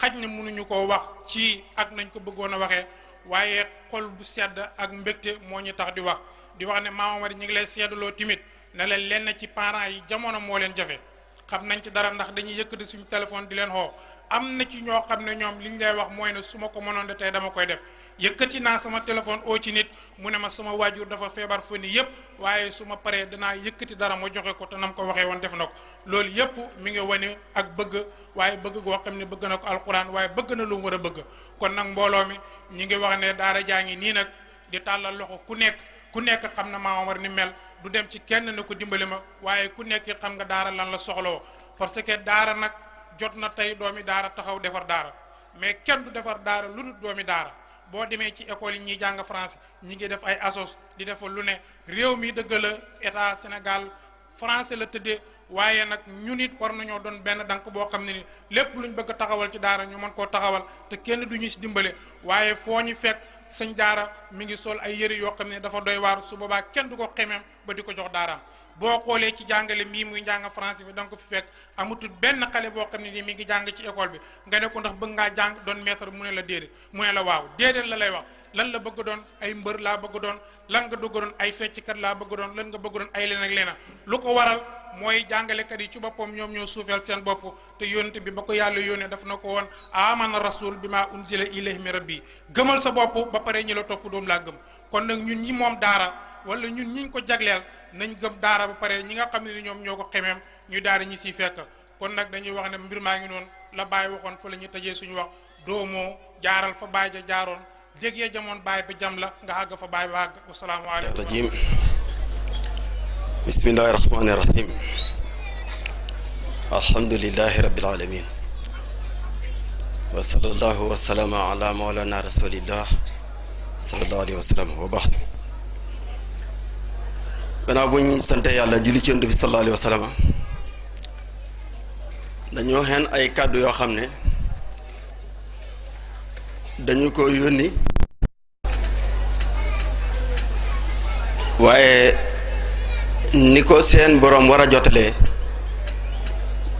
[SPEAKER 5] xaj ne mënuñu koo wax ci ak nañ ko bëggoon a waxee waaye xol bu sedd ak mbégte moo ñu tax di wax di wax ne maam Omar ñu ngi lay seddaloo timit ne leen lenn ci parent yi jamono moo leen jafe xam nañ ci dara ndax dañuy yëkkati suñu téléphone di leen xoo am na ci ñoo xam ne ñoom li ñu lay wax mooy ne su ma ko monoon de tey dama koy def yëkkati naa sama téléphone oo ci nit mu ne ma sama waajur dafa feebar fa ni yëpp waaye su ma paree danaa yëkkati dara ma joxe ko te nam ko waxee woon def na ko loolu yëpp mi ngi wane ak bëgg waaye bëgg goo xam ne bëgg na ko alxuraan waaye bëgg na lu mu a bëgg kon nag mbooloo mi ñi ngi wax ne daara jaa ngi nii nag di tàllal loxo ku nekk ku nekk xam na Maam Omar ni mel du dem ci kenn ne ko dimbali ma waaye ku nekk xam nga daara lan la soxlawoo parce que daara nag. jot na tey doomi daara taxaw defar daara mais kenn du defar daara lu dul doomi daara boo demee ci école yi ñuy jàng français ñi ngi def ay assos di def lu ne réew mi dëgg la état Sénégal français la tëddee waaye nag ñun it war nañoo doon benn dank boo xam ne ni lépp luñ bëgg taxawal ci daara ñu mën koo taxawal te kenn du ñu si dimbale waaye foo ñu fekk sëñ daara mu ngi sol ay yëre yoo xam ne dafa doy waar su boobaa kenn du ko xemeem ba di ko jox daaraam boo xoolee ci jàngale mii muy njàng français bi da nga ko fi fekk amutul benn xale boo xam ne nii mi ngi jàng ci école bi nga ne ko ndax bëgg ngaa jàng doon maître mu ne la déedéet mu ne la waaw déedéet la lay wax lan la bëgg doon ay mbër laa bëgg doon lan nga dugg doon ay fecckat laa bëgg doon lan nga bëgg doon ay leneen ak leneen lu ko waral mooy jàngalekat yi ci boppam ñoom ñoo suufeel seen bopp te yónent bi ba ko yàlla yónnee daf na ko woon amana rasul bi maa unzila ilayhi min rabbi gëmal sa bopp ba pare ñi la topp doom laa gëm wala ñun ñu ko jagleel nañ gëm daara ba pare ñi nga xam ne ñoom ñoo ko xemeem ñu daara ñi siy fekk kon nag dañuy wax ne mbir maa ngi noon la bàyyi waxoon fa la ñuy tëjee suñu wax doomoo jaaral fa baay ja jaaroon dégg ya jamoon baay ba jam la nga àgg fa baay ba àgg wasalaamu aleykum rajim
[SPEAKER 7] bismillahi rahmaani rahim alhamdulilahi rabbil alamin wa ala mawlana rasulillah sallallahu alayhi wa sallam gannaaw bu ñu sante yàlla julli ci yonent bi salaale alayhi wa sallam dañoo xeen ay kàddu yoo xam ne dañu ko yónni waaye ni ko seen boroom war a jotalee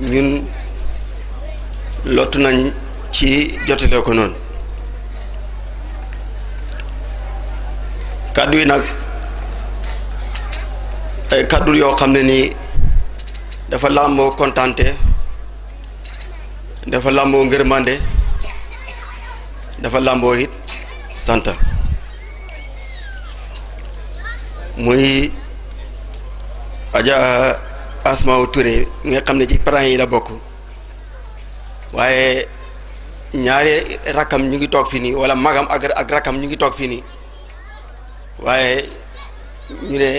[SPEAKER 7] ñun lottu nañ ci jotalee ko noonu kàddu yi nag ay kàddu yoo xam ne nii dafa làmboo kontante dafa làmboo ngërmande dafa làmboo it sant muy Adja Asmaaw Touré mi nga xam ne ci parents yi la bokk waaye ñaari rakkam ñu ngi toog fii nii walla magam ak ak rakkam ñu ngi toog fii nii waaye ñu ne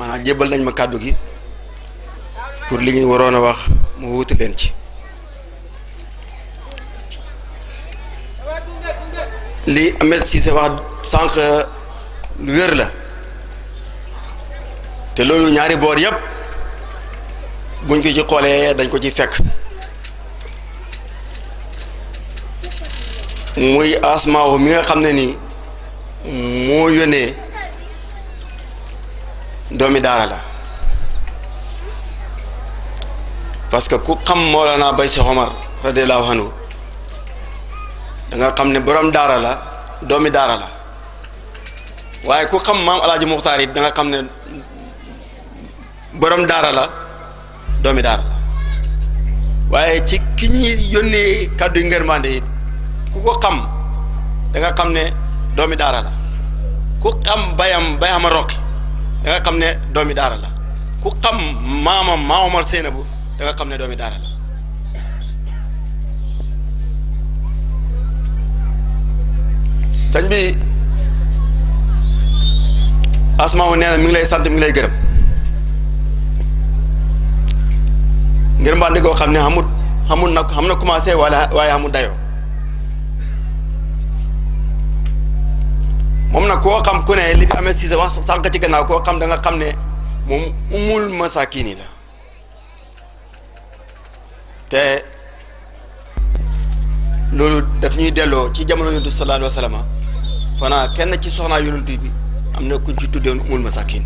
[SPEAKER 7] maanaam jébbal nañ ma kàddu gi pour li ñu waroon a wax mu wuti leen ci li Ahmed Cissé wax sànq lu wér la te loolu ñaari boor yëpp buñ ko ci xoolee dañ ko ci fekk muy asmaaw mi nga xam ne nii moo yónnee doomi daara la parce que ku xam Mawlana Bay si Omar radiallahu anhu da xam ne borom daara la doomi daara la waaye ku xam maam alaaji muxtaar it da xam ne borom daara la doomi daara la waaye ci ki ñuy yónnee kàddu ngërmande it ku ko xam danga xam ne doomi daara la ku xam bayam bayam a roqi da xam ne doomi daara la ku xam maamam maamamar Seynabu da nga xam ne doomi daara la sëñ bi wu nee na mi ngi lay sant mi ngi lay gërëm ngërëm baa ndi koo xam ne xamut xamut na xam na commencé wala waaye xamut dayoo moom nag koo xam ku ne li fi amee Cissé wax sànq ci gannaaw koo xam da nga xam ne moom umul masakini la te loolu daf ñuy delloo ci jamono yonent bi sallallahu alayhi fanaa kenn ci soxnaa yonent am na kuñ ci tuddewoon umul masakin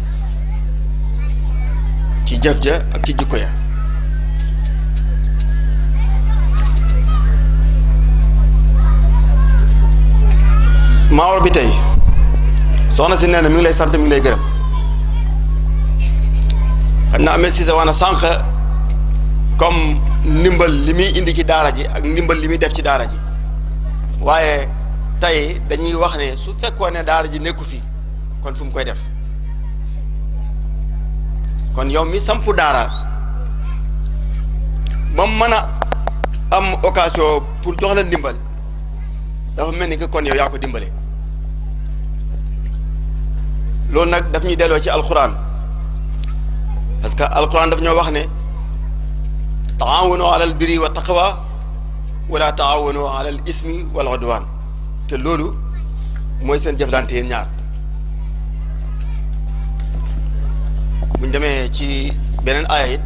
[SPEAKER 7] ci jëf ja ak ci jikko ya maawar bi tey soxna si nee na mi lay sant mi ngi lay gërëm xam na amee sise wax na sànq comme ndimbal li muy indi ci daara ji ak ndimbal li muy def ci daara ji waaye tey dañuy wax ne su fekkoon ne daara ji nekku fi kon fu mu koy def kon yow mi sampu daara ba mën a am occasion pour jox la ndimbal dafa mel ni que kon yow yaa ko dimbalee loolu nag daf ñuy delloo ci alquran parce que alquran daf ñoo wax ne taawanu alal birri wa taqwa wala taawanu alal ismi wal udwan te loolu mooy seen jëflante yéen ñaar buñ demee ci beneen aaya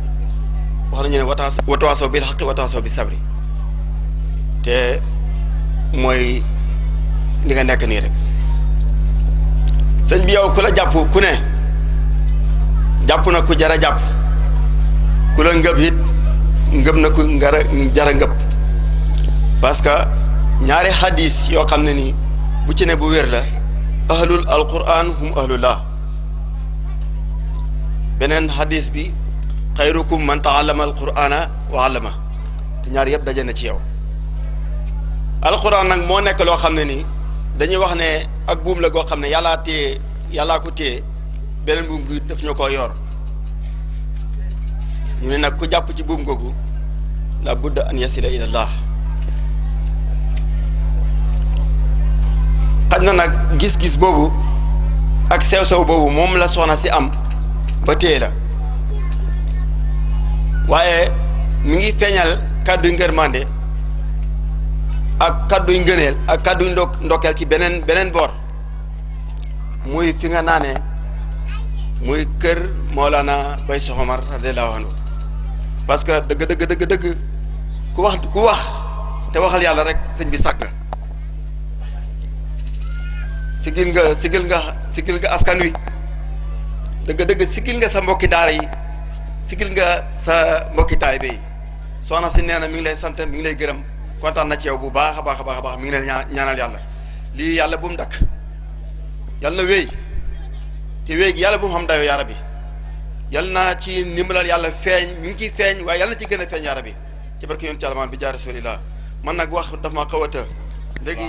[SPEAKER 7] wax wax nañu ne wataas watawaasaw bil xaqi watawaasaw bi sabri te mooy li nga nekk nii rek sëñ bi yow ku la jàpp ku ne jàpp na ku jara jàpp ku la ngëb it ngëb na ku ngara jara ngëb parce que ñaari xadis yoo xam ne nii bu ci ne bu wér la ahlul alquran hum ahlullah beneen xadis bi xayrukum man taallama alqurana wa allama te ñaar yëpp daje na ci yow alquran nag moo nekk loo xam ne nii dañuy wax ne ak buum la goo xam ne yàllaa téye yàllaa ko téye beneen buum gi daf ñu ko yor ñu ne nag ku jàpp ci buum googu la budda an yasila ilallah xaj na nag gis-gis boobu ak sew-sew boobu moom la soxna si am ba téye la waaye mu ngi feeñal kàddu ngërmande ak kadduy ngëneel ak kadduy ndok ci beneen beneen boor muy fi nga naanee muy kër Mawlana Bay Cheikh Omar radiallahu anhu parce que dëgg dëgg dëgg ku wax ku wax te waxal yàlla rek sëñ bi sàkk nga sigil nga sigil nga sigil nga askan wi dëgg dëgg nga sa mbokki daara yi sigil nga sa mbokki taalibe yi soxna si nee na mi ngi lay santa mi ngi lay gërëm kontaan na ci bu baax a baax a baax a baax mi ngi leen ñaanal yàlla lii yàlla bu mu dakk yàlla na wéy te wéy gi yàlla bu mu xam dayoo yaa bi yàlla naa ci ndimbalal yàlla feeñ mi ngi ciy feeñ waaye yàlla na ci gën a feeñ yaa rabbi ci barke yoon yàlla maan bi jaar rasulillah man
[SPEAKER 8] nag wax daf ma xaw a të léegi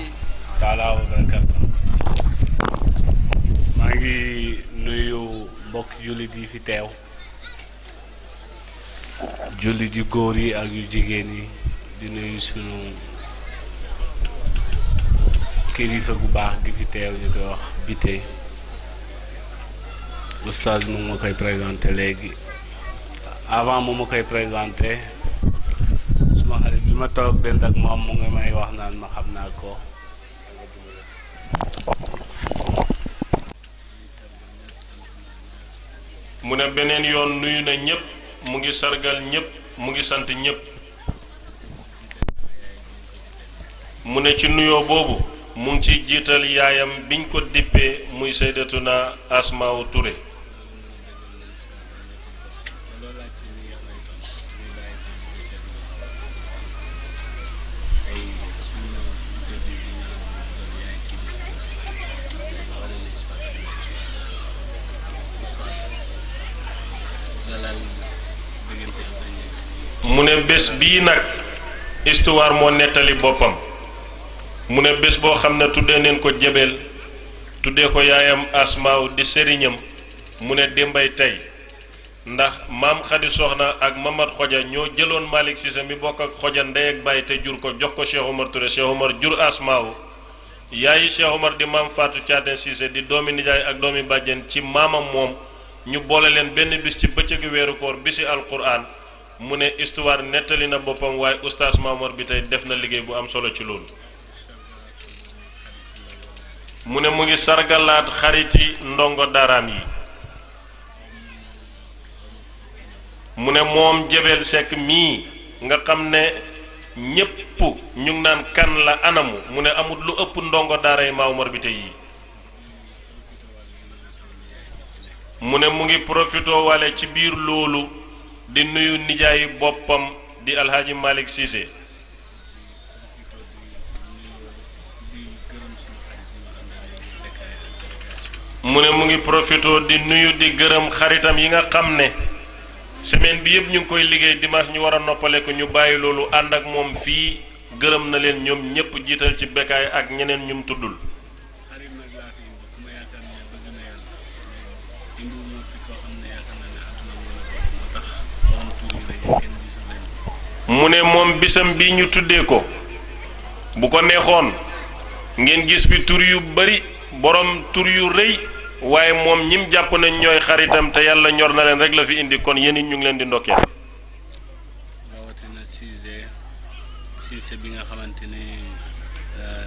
[SPEAKER 8] maa ngi nuyu mbokk jullit yi fi teew jullit yu góor yi ak yu jigéen yi di nuyu sunu kilifa gu baax gi fi teew ñu koy wax Biteye oustaz moom ma koy présenté léegi avant moom ma koy présenté suma xarit bi ma toog dend ak moom mu ngi may wax naan ma xam naa ko
[SPEAKER 9] mu ne beneen yoon nuyu na ñëpp mu ngi sargal ñëpp mu ngi sant ñëpp mu ne ci nuyoo boobu mu ngi jiital yaayam biñ ko dippee muy saydatuna asmaaw ne bés bii nag histoire moo nettali boppam mu ne bés boo xam ne tuddee neen ko jebel tuddee ko yaayam asmaaw di sëriñam mu ne démbay tey ndax maam xadi soxna ak mamad xoja ñoo jëloon Malick Cissé mi bokk ak xoja ndey ak bàyyi te jur ko jox ko Cheikh Omar Touré Cheikh Omar jur asmaaw yaayi Cheikh di maam Fatou Thiaten Cissé di doomi nijaay ak doomi bàjjen ci maamam moom ñu boole leen benn bis ci bëccëgu weeru koor bisi alquran mu ne histoire nettali na boppam waaye oustaz Mamour bi tey def na liggéey bu am solo ci loolu mu ne mu ngi sargalaat xariti ndongo daaraam yi mu ne moom Jabel Seck mii nga xam ne ñépp ñu naan kan la anamu mu ne amut lu ëpp ndongo daara yi maaw yi mu ne mu ngi profitoo wale ci biir loolu di nuyu nijaayu boppam di alxaaji Malick Cissé mu ne mu ngi profito di nuyu di gërëm xaritam yi nga xam ne semaine bi yëpp ñu ngi koy liggéey dimanche ñu war a noppale ñu bàyyi loolu ànd ak moom fii gërëm na leen ñoom ñépp jiital ci bekkaay ak ñeneen ñum tuddul mu ne moom bisam bi ñu tuddee ko bu ko neexoon ngeen gis fi tur yu bari borom tur yu rëy waaye moom ñim jàpp nañ ñooy xaritam te yàlla ñor na leen rek la fi indi kon yéen ñu ngi leen di
[SPEAKER 8] ndokkee rawatina Cissé Cissé bi nga xamante ni euh,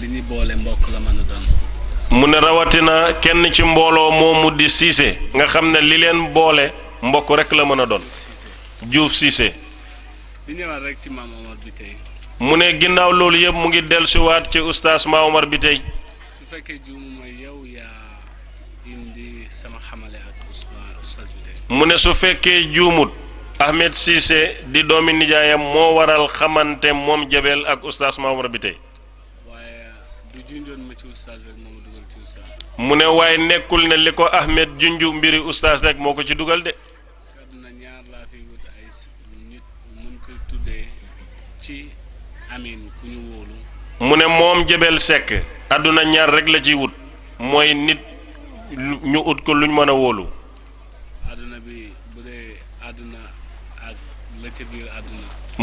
[SPEAKER 8] li ñu boole mbokk mën a doon.
[SPEAKER 9] mu ne rawatina kenn ci mbooloo moomu di Cissé nga xam ne li leen boole mbokk rek la mën a doon. Diouf Cissé.
[SPEAKER 8] di ñëwaat rek ci maam
[SPEAKER 9] mu ne ginnaaw loolu yëpp mu ngi dellusiwaat ci oustaz Maomar bi su
[SPEAKER 8] fekkee juumuma yow yaa sama xamale bi tey
[SPEAKER 9] mu ne su fekkee juumut Ahmed Cissé di doomi nijaayam moo waral xamante moom jabel ak oustaz Maomar bi tey mu ne waaye nekkul ne li ko Ahmed junju mbiri oustaz rek moo ko ci dugal de ci mu ne moom Jabel Seck àdduna ñaar rek la ciy wut mooy nit ñu ut ko luñ mën a wóolu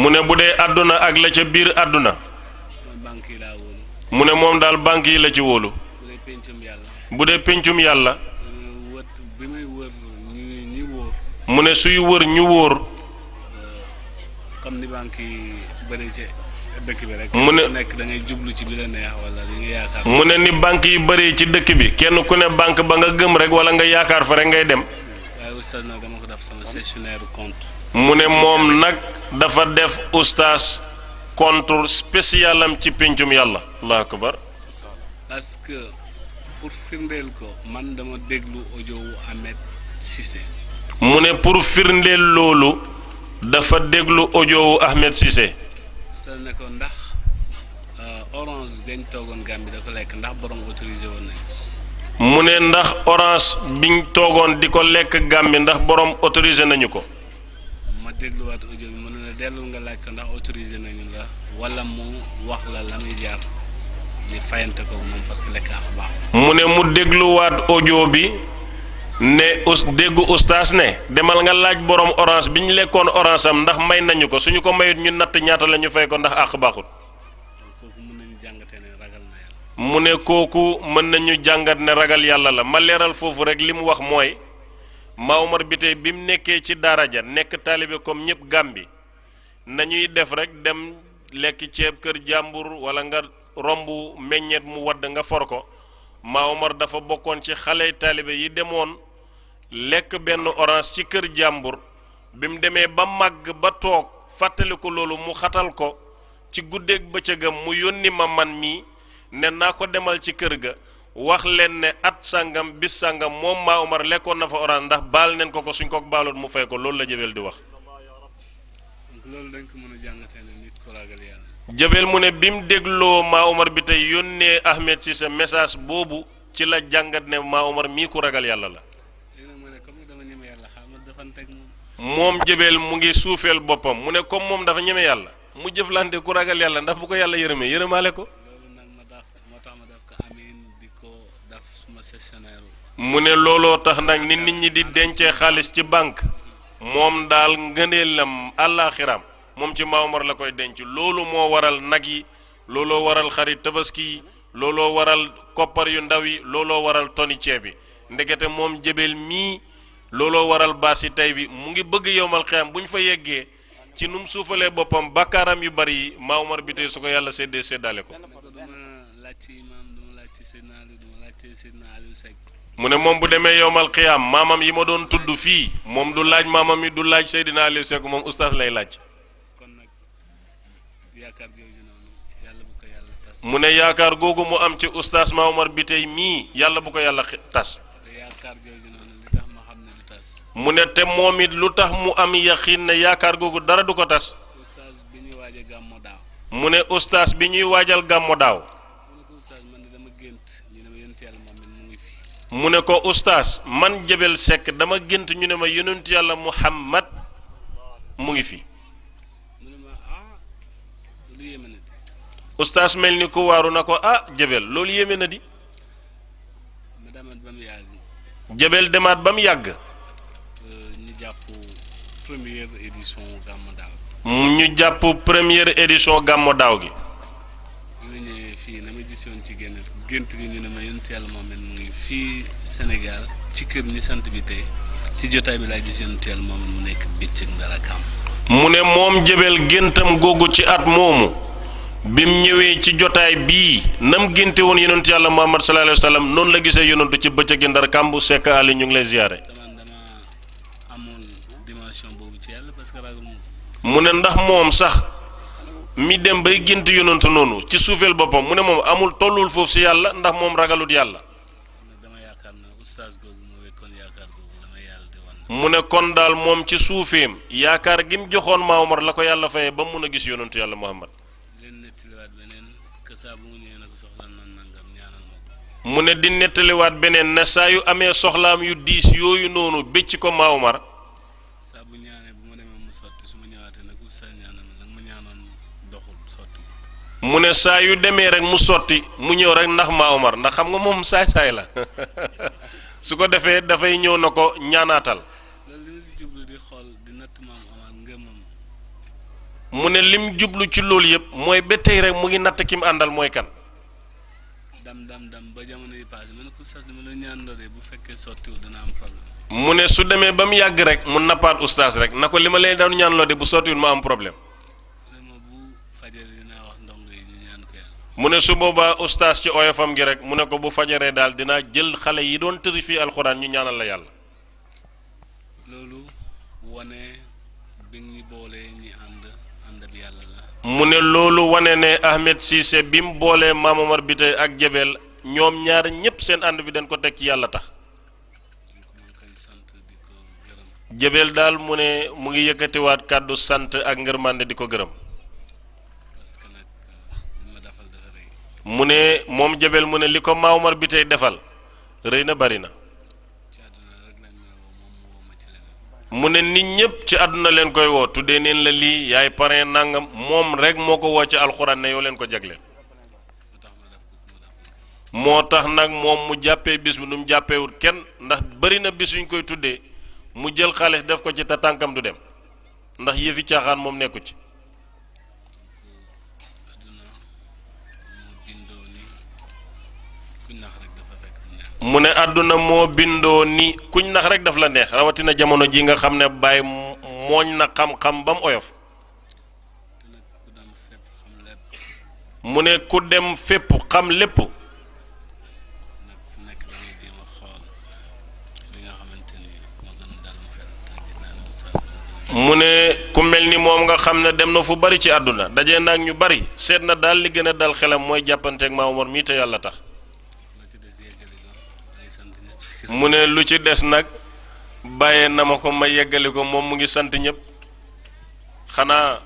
[SPEAKER 9] mu ne bu dee àdduna ak la ca biir àdduna mu ne moom daal banque yi la ci wóolu bu dee péncum yàlla mu ne suy wër ñu wóor
[SPEAKER 8] comme ni banque dëkk bi rek. mu ne nekk da ngay jublu ci bi la neex wala li nga mu
[SPEAKER 9] ne ni banque yi bëree ci dëkk bi kenn ku ne banque ba nga gëm rek wala nga yaakaar fa rek ngay dem.
[SPEAKER 8] waaye oustaz ko def sama gestionnaire compte. mu ne moom
[SPEAKER 9] nag dafa def oustaz compte spécial am ci pencum yàlla. allahu akbar.
[SPEAKER 8] parce que pour firndeel ko man dama déglu audio wu Ahmed Cissé.
[SPEAKER 9] mu ne pour firndeel loolu dafa déglu audio wu Ahmed Cissé.
[SPEAKER 8] Sall ne ko ndax euh, orange gañ toogoon Gambie da ko lekk ndax borom autorisé woon nañ
[SPEAKER 9] mu ne ndax orange biñ toogoon di ko lekk Gambie ndax borom autorisé nañu ko.
[SPEAKER 8] ma dégluwaat audio bi mu ne dellu nga laaj ko ndax autorisé nañu la wala mu wax la la muy jaar fayante ko moom parce que lekk
[SPEAKER 9] mu ne mu dégluwaat audio bi. ne us déggu ustaas ne demal nga laaj boroom orange bi ñu lekkoon orange am ndax may nañu ko suñu ko mayut ñu natt ñaata la ñu fay ko ndax àq baaxut mu ne kooku mën nañu jàngat ne ragal yàlla la ma leeral foofu rek li mu wax mooy Maomar bi bi mu nekkee ci daara ja nekk taalibe comme ñëpp bi nañuy def rek dem lekk ceeb kër jàmbur wala nga romb meññeet mu wadd nga for ko Maomar dafa bokkoon ci xale taalibe yi demoon lekk benn orange ci kër jàmbur bi mu demee ba màgg ba toog fàttali ko loolu mu xatal ko ci guddeeg bëccëgam mu yónni ma man mii ne naa ko demal ci kër ga wax leen ne at sàngam bi sàngam moom maa Omar lekkoon na fa orange ndax baal neen ko ko suñ ko baaloon mu fay ko loolu la jëbeel di wax. loolu dañ ko mu ne bi mu dégloo maa Omar bi tey yónnee Ahmed si sa message boobu ci la jàngat ne maa Omar mii ku ragal yàlla la. moom jëbeel mu ngi suufeel boppam mu ne comme moom dafa ñeme yàlla mu jëflante ku ragal yàlla ndax bu ko yàlla yërëmee yërëmaale ko mu ne looloo tax nag ni nit ñi di dencee xaalis ci bànk moom daal ngëneelam àllaaxiraam moom ci maamor la koy denc loolu moo waral nag yi looloo waral xarit tabaski yi looloo waral koppar yu ndaw yi looloo waral toni ceeb yi ndekete moom jëbeel mii looloo waral baas yi tey bi mu ngi bëgg yowmal xiyam bu ñu fa yeggee ci nu mu suufalee boppam bakkaaram yu bari yi maa Umar bi tey su ko yàlla séddee séddaale ko mu ne moom bu demee yowmal xiyam maamam yi ma doon tudd fii moom du laaj maamam yi du laaj Seydina Aliou Seck moom oustaz lay laaj mu ne yaakaar googu mu am ci oustaz maa Umar bi tey mii yàlla bu ko yàlla tas mu ne te moom it lu tax mu am yaqiin ne yaakaar googu dara du ko tas mu ne ustaas bi ñuy waajal gàmmo daaw mu ne ko ustaas man jëbel sekk dama gént ñu ne ma yonent yàlla muhammad mu ngi fi ustaas ah, mel ni ku waaru na ko ah jëbel loolu yéeme na di jëbel demaat ba mu yàgg
[SPEAKER 8] première édition gàmmu
[SPEAKER 9] mu mm, ñu jàpp première édition gàmmu daaw gi.
[SPEAKER 8] fii na ci génn gi ñu ne ma yonent yàlla moom it ci kër ñi sant bi tey ci jotaay bi laa gis yonent mu nekk
[SPEAKER 9] mu ne moom jëbel géntam googu ci at moomu. bim ñëwee ci jotaay bii nam génte woon yonent yàlla muhammad sallallahu alayhi wa sallam noonu la gisee yonentu ci bëccëg gi ndar kàmb sekk ali ñu ngi lay ziyaare mu ne ndax moom sax mi dem bay gént yonantu noonu ci suufeel boppam mu ne moom amul tollul foofu si yàlla ndax moom ragalut yàlla mu ne kon daal moom ci suufeem yaakaar gi mu joxoon Maam Omar la ko yàlla faye ba mu mun a gis yonantu yàlla Muhammad mu ne di nettaliwaat beneen na saa yu amee soxlaam yu diis yooyu noonu bëcc ko maawmar mu ne saa yu demee rek mu sotti mu ñëw rek ndax maa Omar ndax xam nga moom saay-saay la su ko defee dafay ñëw na ko ñaanaatal mu ne lim jublu ci loolu yëpp mooy ba tey rek mu ngi natt ki mu àndal mooy kan.
[SPEAKER 8] dam dam dam ba jamono yi paase ma ne ko ustaas dama la ñaan loolee bu fekkee sottiwul dana am problème.
[SPEAKER 9] mu ne su demee ba mu yàgg rek mu nappaat ustaas rek na ko li ma lay doon ñaan loolee bu sottiwul ma am problème. mu ne su boobaa ustaas ci oyofam gi rek mu ne ko bu fajaree daal dinaa jël xale yi doon tëri fii alxuraan ñu ñaanal la yàlla
[SPEAKER 8] loolu wane bi
[SPEAKER 9] yàlla la mu ne loolu wane ne Ahmed Cissé bi mu boolee Mame Omar ak Jebel ñoom ñaar ñépp seen ànd bi dañ ko teg ci yàlla tax Jebel daal mu ne mu ngi yëkkatiwaat kàddu sant ak ngërmande di ko gërëm mu ne moom jabel mu ne li ko maawmar bi tey defal rëy na bari na mu ne nit ñëpp ci àdduna leen koy woo tuddee neen la lii yaay parrain nangam moom rek moo ko woo ci alxuraan ne yow leen ko jagleel moo tax nag moom mu jàppee bis bi nu mu jàppeewul kenn ndax bari na bis yuñ koy tuddee mu jël xaalis def ko ci te tànkam du dem ndax yëfi caaxaan moom nekku ci mu ne àdduna moo bindoo ni kuñ nax rek daf la neex rawatina jamono ji nga xam ne bàyyi mooñ na xam-xam ba mu oyof mu ne ku dem fépp xam lépp mu ne ku mel ni moom nga xam ne dem na fu bari ci àdduna daje naag ñu bari seet na daal li gën a dal xelam mooy jàppanteeg Maam Omar mii te yàlla tax mu ne lu ci des nag bàyyee na ma ko ma yeggali ko moom mu ngi sant ñëpp xanaa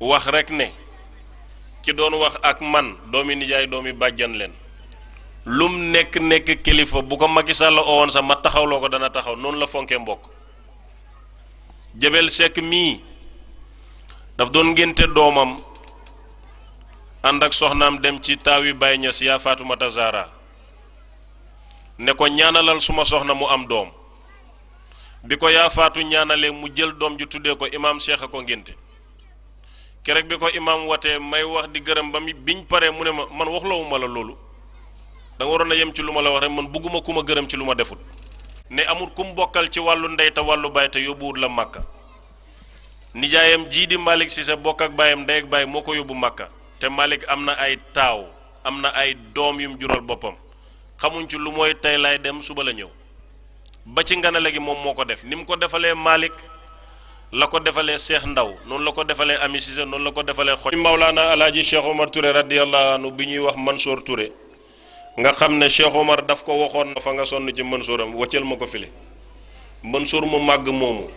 [SPEAKER 9] wax rekk ne ki doon wax ak man doomi nijaay doomi bàjjan leen lum nekk nekk kilifa bu ko Macky la owoon sax ma taxawloo ko dana taxaw noonu la fonkee mbokk Jabel Seck mii daf doon ngénte doomam ànd ak soxnaam dem ci taawi Baye Niass faatuma Faatumata Zahra ne ko ñaanalal suma soxna mu am doom bi ko yaafaatu ñaanalee mu jël doom ju tuddee ko imaam Cheikh a ko ngénte keroog bi ko imaam watee may wax di gërëm ba mi biñ paree mu ne ma man waxlawuma la loolu da waroon a yem ci lu ma la wax rek man bugguma ku ma gërëm ci lu ma defut ne amul kum bokkal ci wàllu ndey te wàllu baay te yóbbuwut la màkka nijaayam jii di Malick Cissé bokk ak baayam ndey ak baay moo ko yóbbu màkka te Malick am na ay taaw am na ay doom yum jural boppam xamuñ ci lu mooy tey lay dem suba la ñëw ba ci nganale gi moom moo ko def ni mu ko defalee Malick la ko defalee Cheikh Ndaw noonu la ko defalee Ami noonu la ko defalee xoj Mawlaana Alaaji Cheikh Omar Touré radiyallahu anhu bi ñuy wax Mansour Touré nga xam ne Cheikh Omar daf ko waxoon na fa nga sonn ci Mansouram waccal ma ko file Mansour mu màgg moomu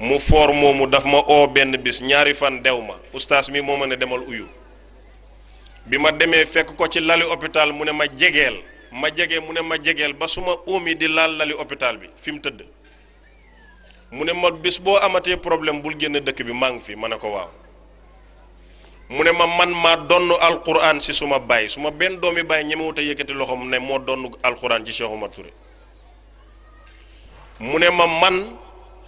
[SPEAKER 9] mu foor moomu daf ma oo benn bis ñaari fan dew ma ustaas mi moo ma ne demal uyu bi ma demee fekk ko ci lali hôpital mu ne ma jegeel ma jege mu ne ma jegeel ba su ma óomi di laal lali hôpital bi fi mu tëdd mu ne ma bés boo amatee problème bul génn dëkk bi maa ngi fi ma ne ko waaw mu ne ma man maa donn alquran si suma baay su ma benn doomi baay ñemewut a yëkkati loxoom ne moo donn alquran ci Cheikh Omar Touré mu ne ma man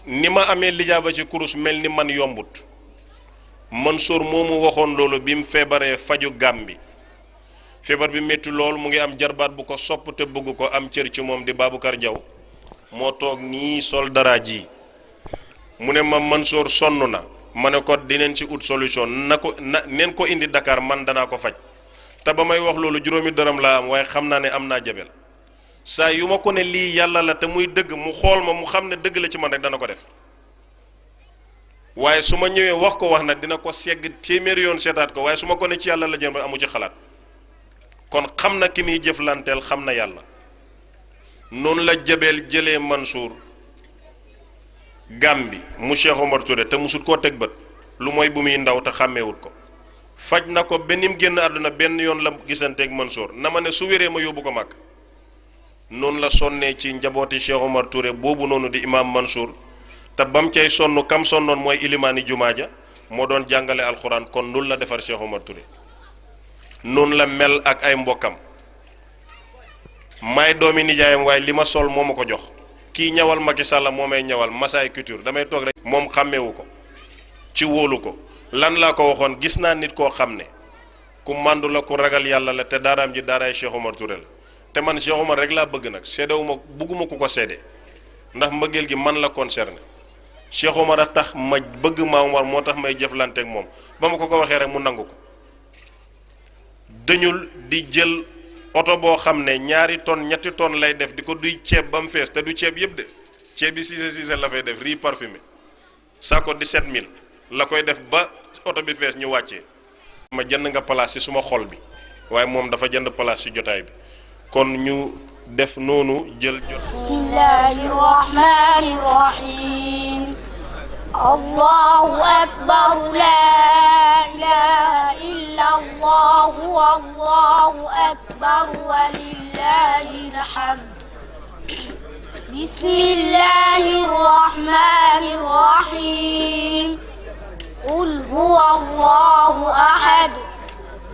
[SPEAKER 9] ni ma amee lijaaba ci kurus mel ni man yombut sóor moomu waxoon loolu bi mu feebaree faju Gàmbi feebar bi métti loolu mu ngi am jarbaat bu ko sopp te bëgg ko am cër ci moom di Babacar jaw moo toog nii sol dara ji mu ne ma Mansour sonn na ma ne ko dinañ ci ut solution na ko na neen ko indi dakaar man danaa ko faj te ba may wax loolu juróomi dërëm laa am waaye xam naa ne am naa jabel saa yu ma ko ne lii yàlla la te muy dëgg mu xool ma mu xam ne dëgg la ci man rek dana ko def waaye su ma ñëwee wax ko wax na dina ko segg téeméer yoon seetaat ko waaye su ma ko ne ci yàlla la jëm amu ci xalaat kon xam na ki muy jëflanteel xam na yàlla noonu la jabeel jëlee Mansour Gàmbi mu Cheikh Omar Touré te musut koo teg bët lu mooy bu muy ndaw te xàmmeewut ko faj na ko benn ni mu génn àdduna benn yoon la gisanteeg Mansour na ma ne su wéree ma yóbbu ko mag noonu la sonnee ci njabooti Cheikh Omar Touré boobu noonu di imaam Mansour te ba mu cay sonn kam sonnoon mooy ilimaani jumaa ja moo doon jàngale alxuraan kon noonu la defar Cheikh Omar Touré. noonu la mel ak ay mbokkam may doomi nijaayam waaye li ma sol moo ma ko jox kii ñawal ma ki Sall moom may ñawal Masaay culture damay toog rek moom xàmmewu ko ci wóolu ko lan laa ko waxoon gis naa nit koo xam ne ku màndu la ku ragal yàlla la te daaraam ji daaraay Cheikh Omar Touré la te man Cheikh Omar rek laa bëgg nag séedewuma bugguma ko ko séede ndax mbëggeel gi man la concerné Cheikh Omar a tax ma bëgg maa Omar moo tax may jëflanteek moom ba ma ko ko waxee rek mu nangu ko dañul di jël oto boo xam ne ñaari tonnes ñetti tonnes lay def di ko duy ceeb ba mu fees te du ceeb yëpp de ceeb bi siise siise la fay def riz parfumé saako 17000 la koy def ba oto bi fees ñu wàccee. ma jënd nga place ci suma xol bi waaye moom dafa jënd place ci jotaay bi kon ñu def noonu jël jot.
[SPEAKER 3] bismillaahi الله أكبر لا إله إلا الله والله أكبر ولله الحمد
[SPEAKER 8] بسم الله الرحمن
[SPEAKER 3] الرحيم قل هو الله أحد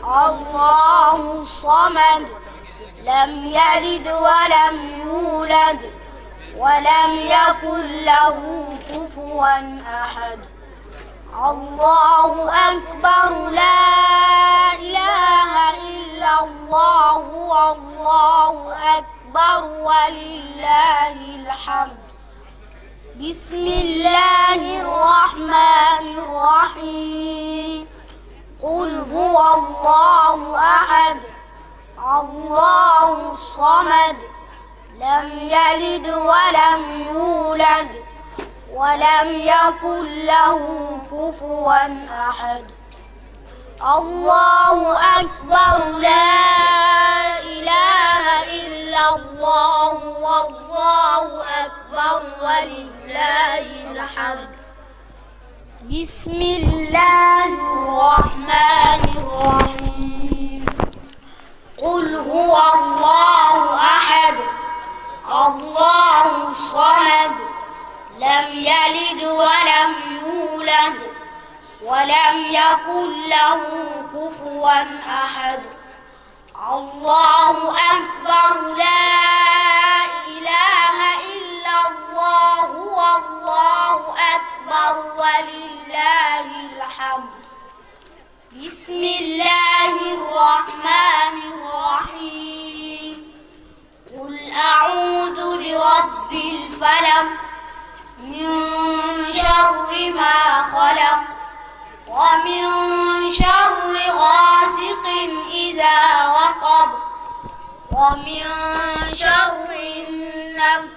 [SPEAKER 3] الله الصمد لم يلد ولم يولد ولم يكن له كفوا أحد الله أكبر لا إله إلا الله والله أكبر ولله الحمد بسم الله الرحمن الرحيم قل هو الله أحد الله الصمد لم يلد ولم يولد ولم يكن له كفوا أحد الله أكبر لا إله إلا الله والله أكبر ولله الحمد بسم الله الرحمن الرحيم قل هو الله أحد الله الصمد لم يلد ولم يولد ولم يكن له كفوا أحد الله أكبر لا إله إلا الله والله أكبر ولله الحمد بسم الله الرحمن الرحيم قل أعوذ برب الفلق من شر ما خلق ومن شر غاسق إذا وقب ومن شر النفاثات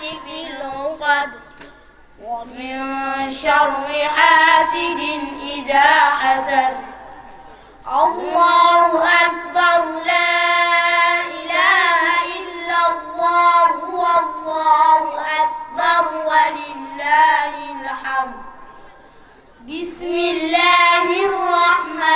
[SPEAKER 3] في العقد ومن شر حاسد إذا حسد الله أكبر لا إله الله والله أكبر ولله الحمد بسم الله الرحمن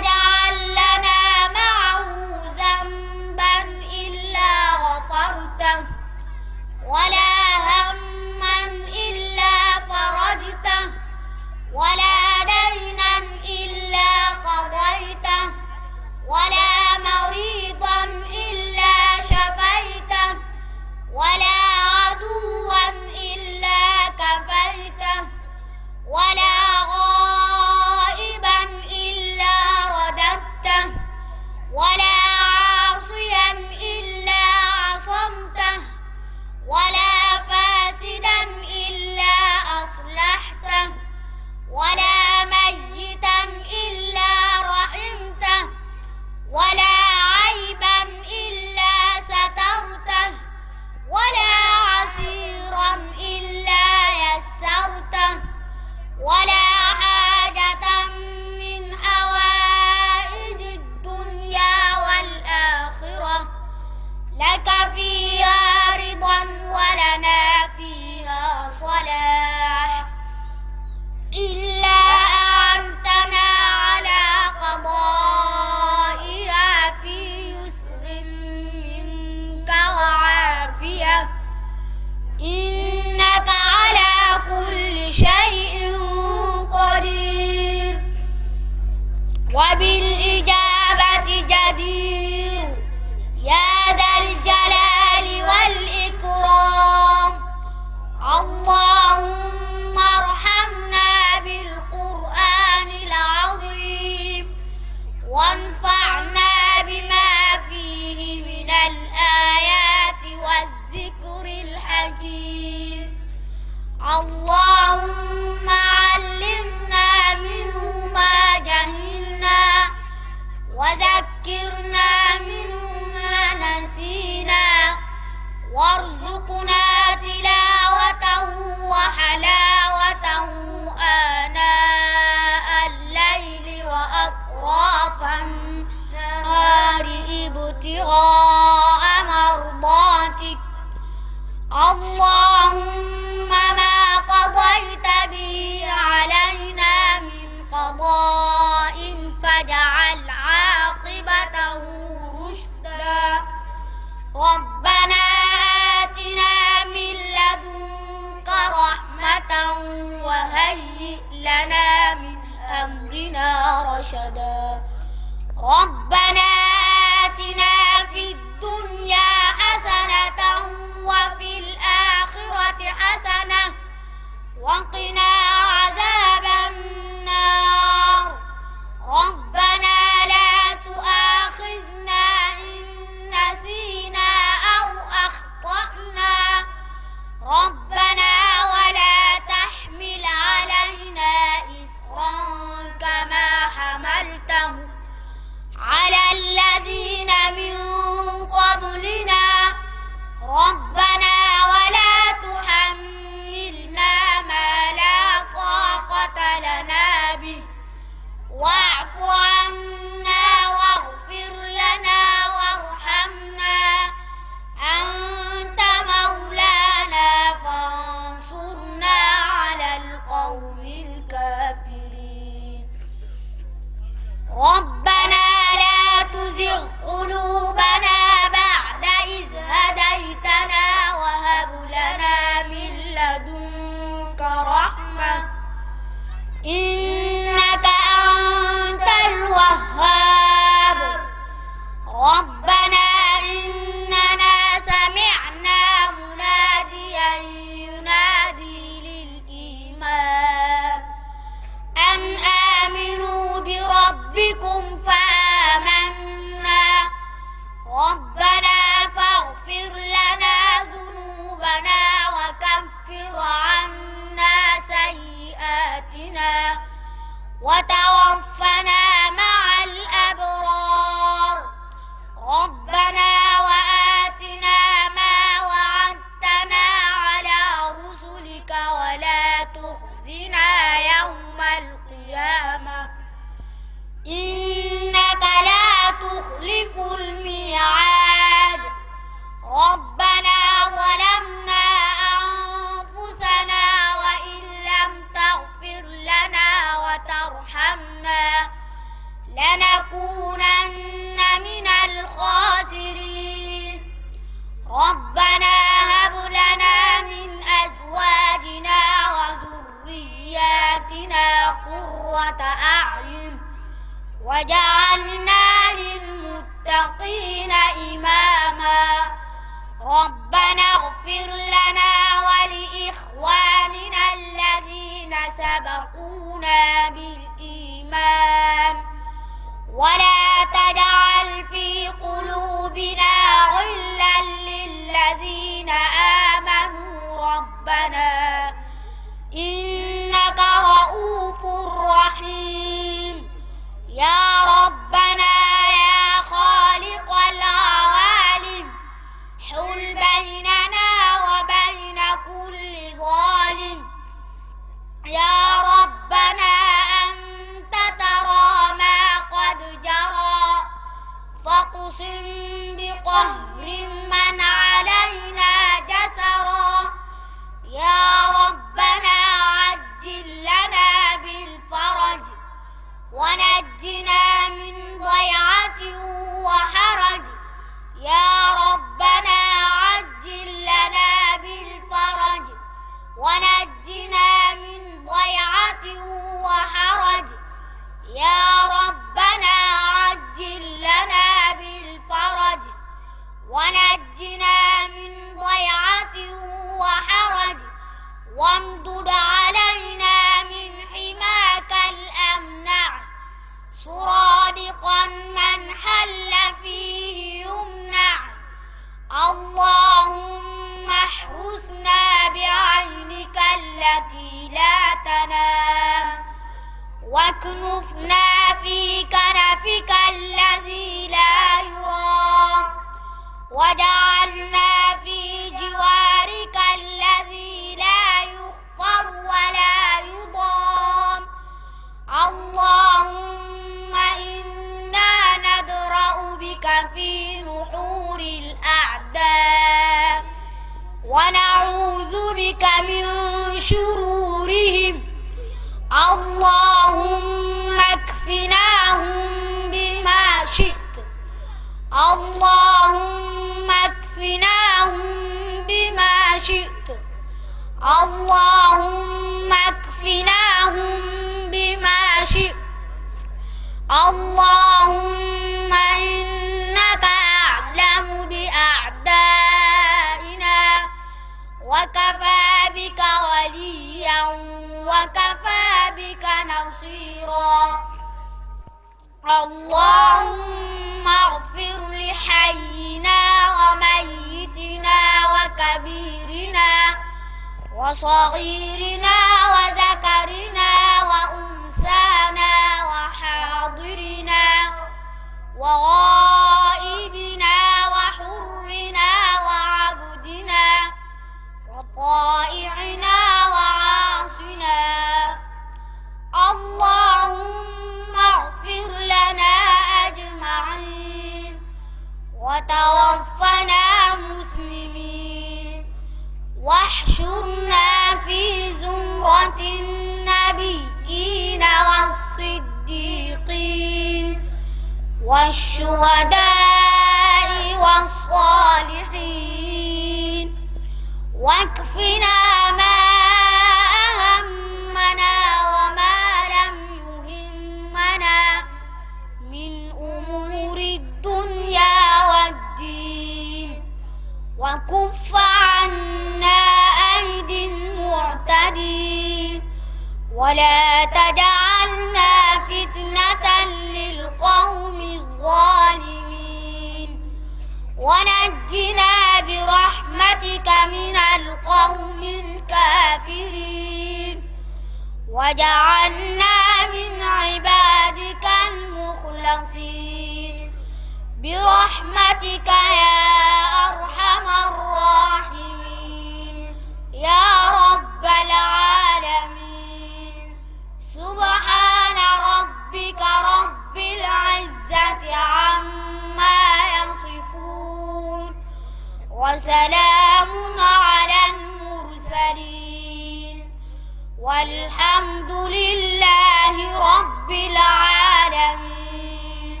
[SPEAKER 3] والحمد لله رب العالمين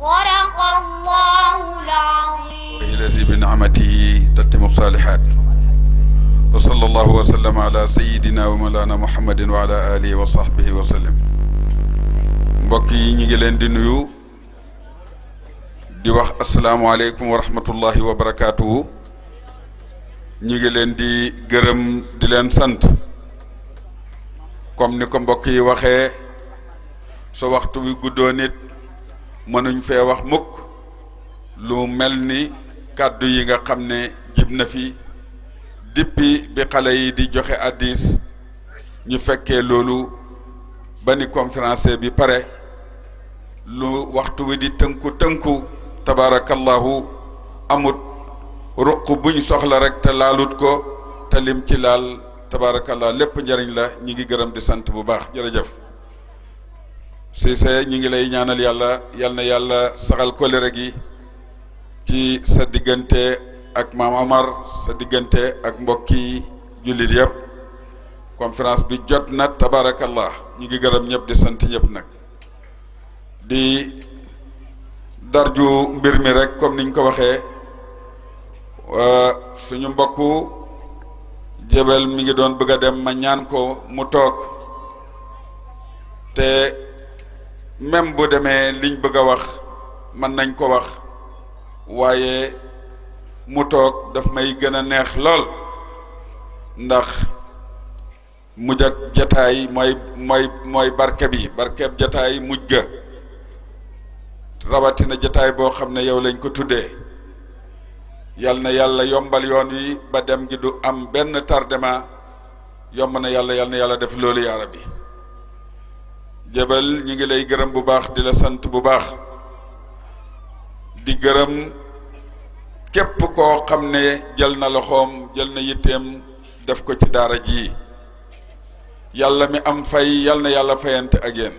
[SPEAKER 3] صدق الله العظيم
[SPEAKER 10] الذي بنعمته تتم الصالحات وصلى الله وسلم على سيدنا ومولانا محمد وعلى آله وصحبه وسلم mbokk yi ñu ngi leen di nuyu di wax asalaamualeykum wa rahmatullahi wa barakaatuhu ñu ngi leen di gërëm di leen sant comme ni ko mbokk yi waxee su waxtu wi guddoo nit mënuñ fee wax mukk lu mel ni kàddu yi nga xam ne jib na fi dippi bi xale yi di joxe addis ñu fekkee loolu ba ni conférencier bi pare lu waxtu wi di tënku tënku tabaarakallahu amut ruq buñ soxla rek te laalut ko te lim ci laal tabaarakallaa lépp njariñ la ñi ngi gërëm di sant bu baax jërëjëf Cissé ñi ngi lay ñaanal yàlla yal na yàlla saxal kolere gi ci sa diggante ak maam Omar sa diggante ak mbokki jullit yëpp conférence bi jot na tabaarakallaa ñi ngi gërëm ñëpp di sant ñëpp nag di darju mbir mi rek comme niñ ko waxee euh, suñu mbokku jebel mi ngi doon bëgg a dem ma ñaan ko mu toog te même bu demee liñ bëgg a wax mën nañ ko wax waaye mu toog daf may gën a neex lool ndax mujj ak jataay mooy mooy mooy barke bi barkeb jataay mujj ga rawatina jataay boo xam ne yow lañ ko tuddee yal na yàlla yombal yoon wi ba dem gi du am benn tardement yomb na yàlla yal na yàlla def loolu yaa bi jëbal ñi ngi lay gërëm bu baax di la sant bu baax di gërëm képp koo xam ne jël na loxoom jël na yitteem def ko ci daara ji yàlla mi am fay yal yàlla fayante ak yéen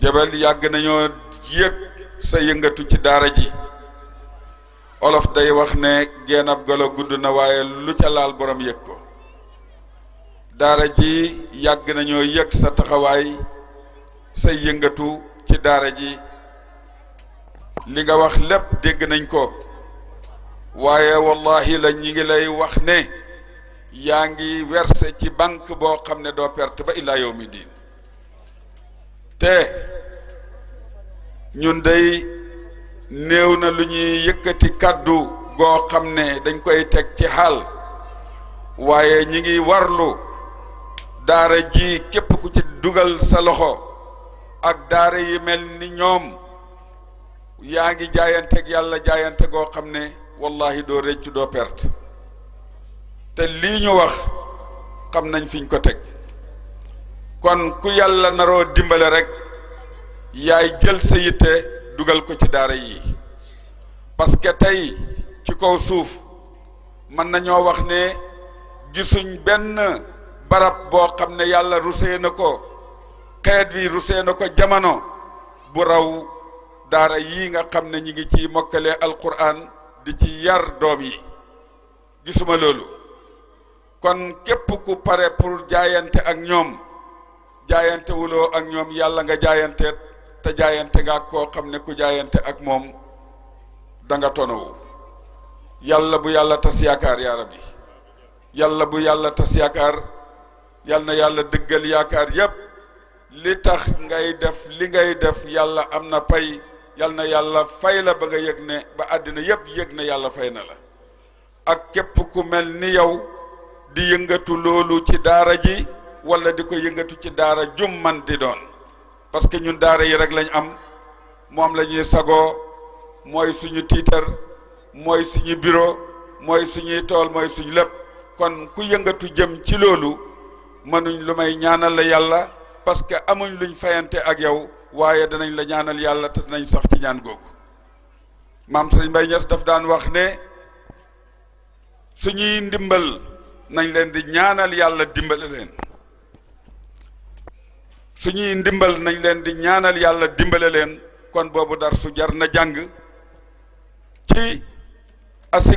[SPEAKER 10] jëbal yàgg nañoo yëg sa yëngatu ci daara ji olof day wax ne geen ab golo gudd na waaye lu ca laal borom yëg ko daara ji yàgg nañoo yég sa taxawaay say yëngatu ci daara ji li nga wax lépp dégg nañ ko waaye wallahi la ñi ngi lay wax ne yaa ngi verser ci banque boo xam ne doo perte ba illaa yow mi diin te ñun day néew na lu ñuy yëkkati kàddu goo xam ne dañ koy teg ci xaal waaye ñi ngi warlu daara ji képp ku ci dugal sa loxo ak daara yi mel ni ñoom yaa ngi jaayanteeg yàlla jaayante goo xam ne wallahi doo rëccu doo perte te lii ñu wax xam nañ fiñ ko teg kon ku yàlla naroo dimbale rekk yaay jël sa yitte dugal ko ci daara yi parce que tey ci kaw suuf mën nañoo wax ne gisuñ benn barab boo xam ne yàlla rusee na ko xeet wi rusee na ko jamono bu raw daara yii nga xam ne ñi ngi ci mokkale alquran di ci yar doom yi gisuma loolu kon képp ku pare pour jaayante ak ñoom jaayante ak ñoom yàlla nga jaayante te jaayante nga ak koo xam ne ku jaayante ak moom da nga yàlla bu yàlla tas yaakaar yaa yàlla bu yàlla tas yaakaar yàlla na yàlla diggal yaakaar yépp li tax ngay def li ngay def yàlla am na pay yàlla na yàlla fay la ba nga yëg ne ba àddina yépp yëg ne yàlla fay na la ak képp ku mel ni yow di yëngatu loolu ci daara ji walla di ko yëngatu ci daara juman di doon parce que ñun daara yi rek lañu am moom la ñuy sagoo mooy suñu tiitar mooy suñu bureau mooy suñuy tool mooy suñu lépp kon ku yëngatu jëm ci loolu mënuñ lu may ñaanal yàlla parce que amuñ luñ fayante ak yow waaye danañ la ñaanal yàlla te danañ sax ci ñaan googu maam Serigne Mbaye Niass daf daan wax ne suñuy ndimbal nañ leen di ñaanal yàlla dimbale leen suñuy ndimbal nañ leen di ñaanal yàlla dimbale leen kon boobu dar su jar na jàng ci asi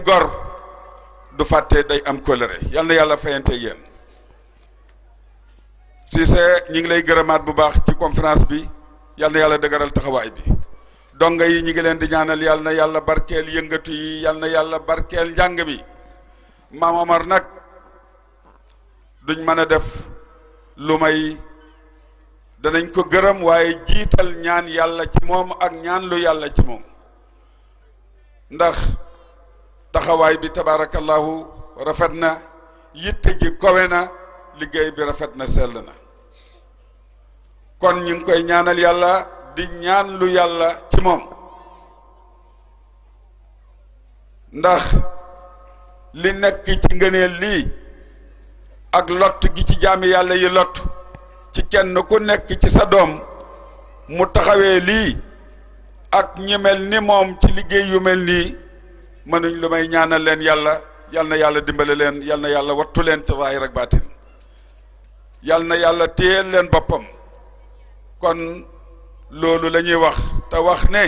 [SPEAKER 10] du fàtte day am kóllëre yal na yàlla fayante yéen Cissé ñi ngi lay gërëmaat bu baax ci conférence bi yal yàlla dëgëral taxawaay bi donga yi ñu ngi leen di ñaanal yal na yàlla barkeel yëngatu yi yal na yàlla barkeel njàng mi maam Omar nag duñ mën a def lu may danañ ko gërëm waaye jiital ñaan yàlla ci moom ak ñaan lu yàlla ci moom ndax taxawaay bi tabaarakallahu rafet na yitte ji kowe na liggéey bi rafet na sell na kon ñu ngi koy ñaanal yàlla di ñaan lu yàlla ci moom ndax li nekk ci ngëneel lii ak lott gi ci jaami yàlla yi lott ci kenn ku nekk ci sa doom mu taxawee lii ak ñi mel ni moom ci liggéey yu mel nii mënuñ lu may ñaanal leen yàlla yal yàlla dimbale leen yal yàlla wattu leen ci zaahir ak baatin yal na yàlla téyeel leen boppam kon loolu la ñuy wax te wax ne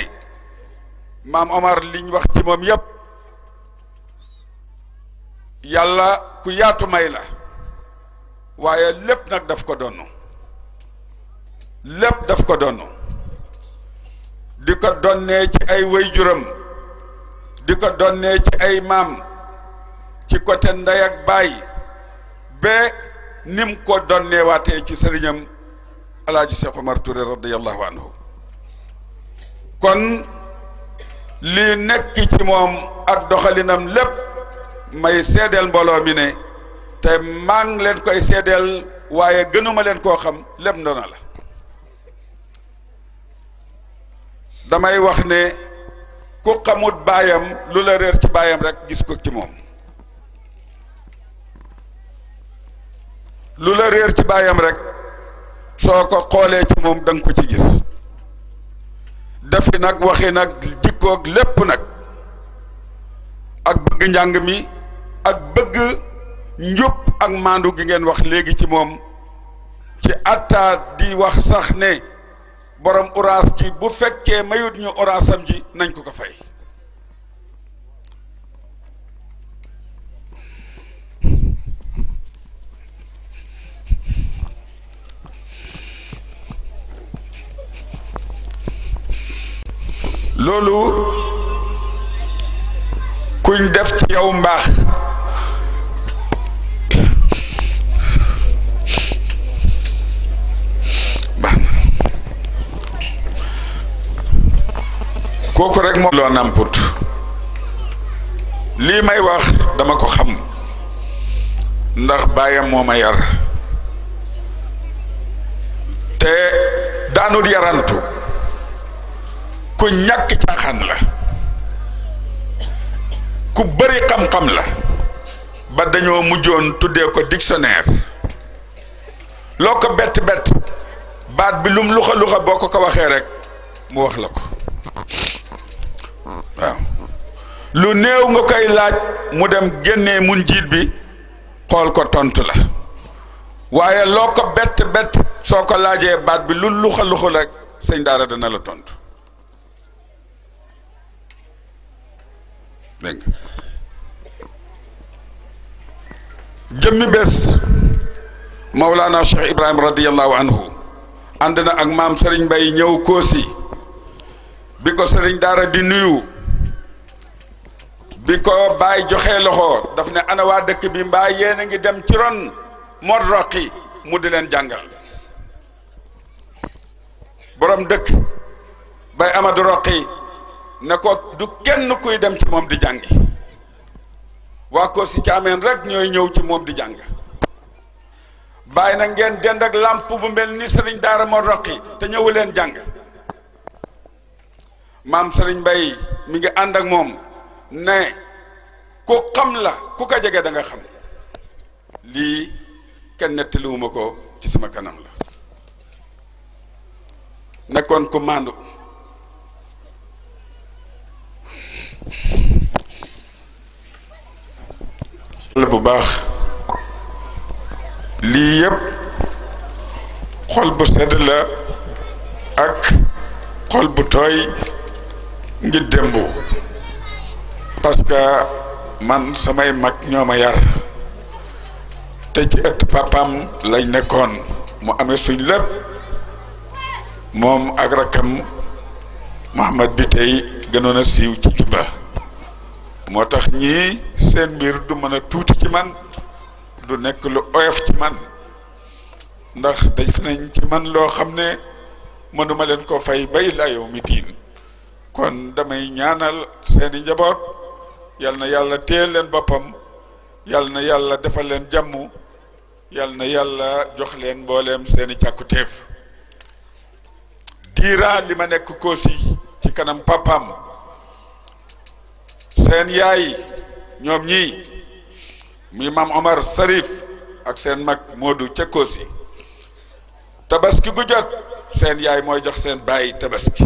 [SPEAKER 10] maam Omar liñ wax ci moom yépp yàlla ku yaatu may la waaye lépp nag daf ko donn lépp daf ko donn di ko donnee ci ay wayjuram di ko donnee ci ay maam ci côté ndey ak baay ba nim ko donnee waatee ci sëriñam alaaji Cheikh Omar Touré radiyallahu anhu kon lii nekk ci moom ak doxalinam lépp may seedeel mbooloo mi ne te maa ngi leen koy seedeel waaye gënuma leen koo xam lépp ndono la damay wax ne ku xamut baayam lu la réer ci baayam rek gis ko ci moom lu la réer ci baayam rek soo ko xoolee ci moom da ko ci gis dafi nag waxi nag jikkoog lépp nag ak bëgg njàng mi ak bëgg njub ak maandu gi ngeen wax léegi ci moom ci atta di wax sax ne borom orange ji bu fekkee mayut ñu orange am ji nañ ko ko fay loolu kuñ def ci yow mbaax kooku rekk moom loo namput lii may wax dama ko xam ndax baayam moo ma yar te daanul yarantu ku ñàkk caaxaan la ku bari xam-xam la ba dañoo mujjoon tuddee ko dictionnaire loo ko bett bett baat bi lum luxa luxa boo ko ko waxee rek mu wax la ko waaw lu néew nga koy laaj mu dem génne mun jiit bi xool ko tontu la waaye loo ko bett bett soo ko laajee baat bi lu luxa luxa rek sëñ daara dana la tontu dégg nga jëmmi bés Mawlana Cheikh Ibrahim radiyallahu anhu ànd na ak maam Serigne Mbaye ñëw Koosi bi ko sëriñ daara di nuyu bi ko baay joxe loxo daf ne ana waa dëkk bi mbaa yéen a ngi dem ci ron Mor Roqi mu di leen jàngal boroom dëkk bay Amadou Roqi ne ko du kenn kuy dem ci moom di jàngi waa ko si caameen rek ñooy ñëw ci moom di jàng bàyyi nag ngeen dend ak làmp bu mel ni sëriñ daara Mor Roqi te ñëwu leen jàng maam Serigne mbay mi ngi ànd ak moom ne ku xam la ku ko jege danga nga xam lii kenn nettaliwuma ko ci sama kanam la nekkoon ku màndu la bu baax lii yépp xol bu sedd la ak xol bu tooy ngir démb parce que man samay mag ñoo ma yar te ci ëtt papam lañ nekkoon mu amee suñ lépp moom ak rakkam Mouhamad bi tey gënoon a siiw ci jumba moo tax ñii seen mbir du mën a tuuti ci man du nekk lu oyof ci man ndax def nañ ci man loo xam ne mënuma leen ko fay bay laa yow diin kon damay ñaanal seeni njaboot yal na yàlla téel leen boppam yal na yàlla defal leen jàmm yal na yàlla jox leen mbooleem seeni càkkutéef diiraa li ma nekk Kossy ci kanam papam seen yaay ñoom ñii muy maam Omar Sarif ak seen mag moodu ca Kossy tabaski gu jot seen yaay mooy jox seen baay tabaski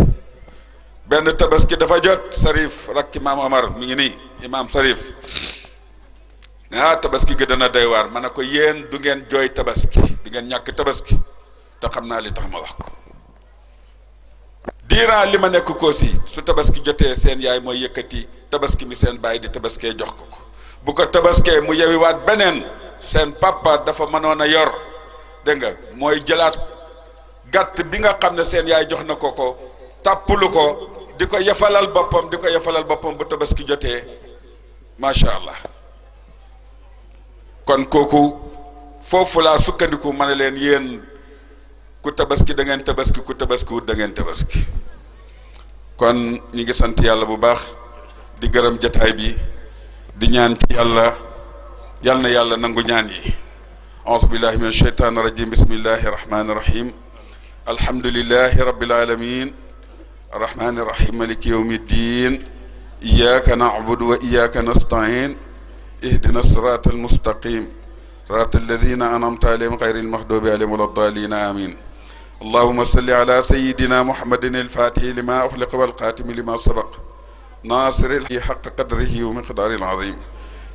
[SPEAKER 10] benn tabaski dafa jot Sarif rakki maam Omar mi ngi nii imaam Sarif ah tabaski gi dana day waar ma ne ko yéen du ngeen jooy tabaski du ngeen ñàkk tabaski te xam naa li tax ma wax ko diiraa li ma nekk Kossy su tabaski jotee seen yaay mooy yëkkati tabaski mi seen baay di tabaskee jox ko ko bu ko tabaskee mu waat beneen seen papa dafa mënoon a yor dégg nga mooy jëlaat gàtt bi nga xam ne seen yaay jox na ko ko tàppulu ko. di ko yafalal boppam di ko yafalal boppam bu tabaski jotee macha allah kon kooku foofu laa sukkandiku ma ne leen yéen ku tabaski da ngeen tabaski ku tabaski wut tabaski kon ñu ngi sant yàlla bu baax di gërëm jataay bi di ñaan ci yàlla yal na yàlla nangu ñaan yi aousu billahi min sheytaan rajim bismillahi rahmani rahim alhamdulilahi rabbil alamin arrahmaani irrahim maliki yawmi ddin iyyaka na'budu wa iyyaka nasta'in ihdina sirata almustaqim sirata alladina an'amta alayhim ghayril maghdubi alayhim wala ddallin amin allahumma salli ala sayyidina muhammadin alfatihi lima ughliqa wal khatimi lima sabaqa naasiril haqqa qadrihi wa miqdaarihil aziim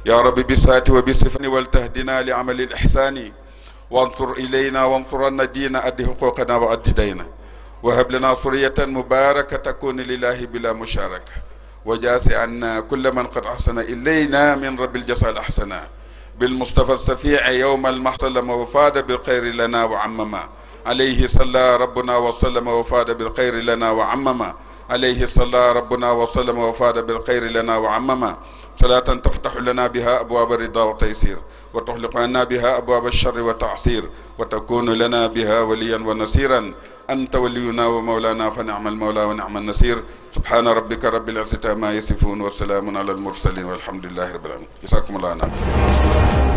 [SPEAKER 10] yaa rabbi bisaati wa bisifani wal tahdinaa li amalil ihsaani wansur ilaynaa wansurannaa diina addi huquuqanaa wa addi daynaa wahab lana suriyatan mubaraka takuni lillahi bila musharaka wa jaasi anna kulla man qad ahsana ilayna min rabbil jasal ahsana بالمصطفى السفيع يوم المحصل وفاد بالخير لنا وعمما عليه صلى ربنا وسلم وفاد بالخير لنا وعمما عليه صلى ربنا وسلم وفاد بالخير لنا وعمما صلاة تفتح لنا بها أبواب الرضا والتيسير وتغلق لنا بها أبواب الشر والتعسير وتكون لنا بها وليا ونصيرا anta waliyuna wa mawlana fa ni'ma al mawla wa ni'ma an nasir subhana rabbika rabbil izzati amma yasifun wa salamun ala al mursalin walhamdulillahi rabbil alamin jazakumullahu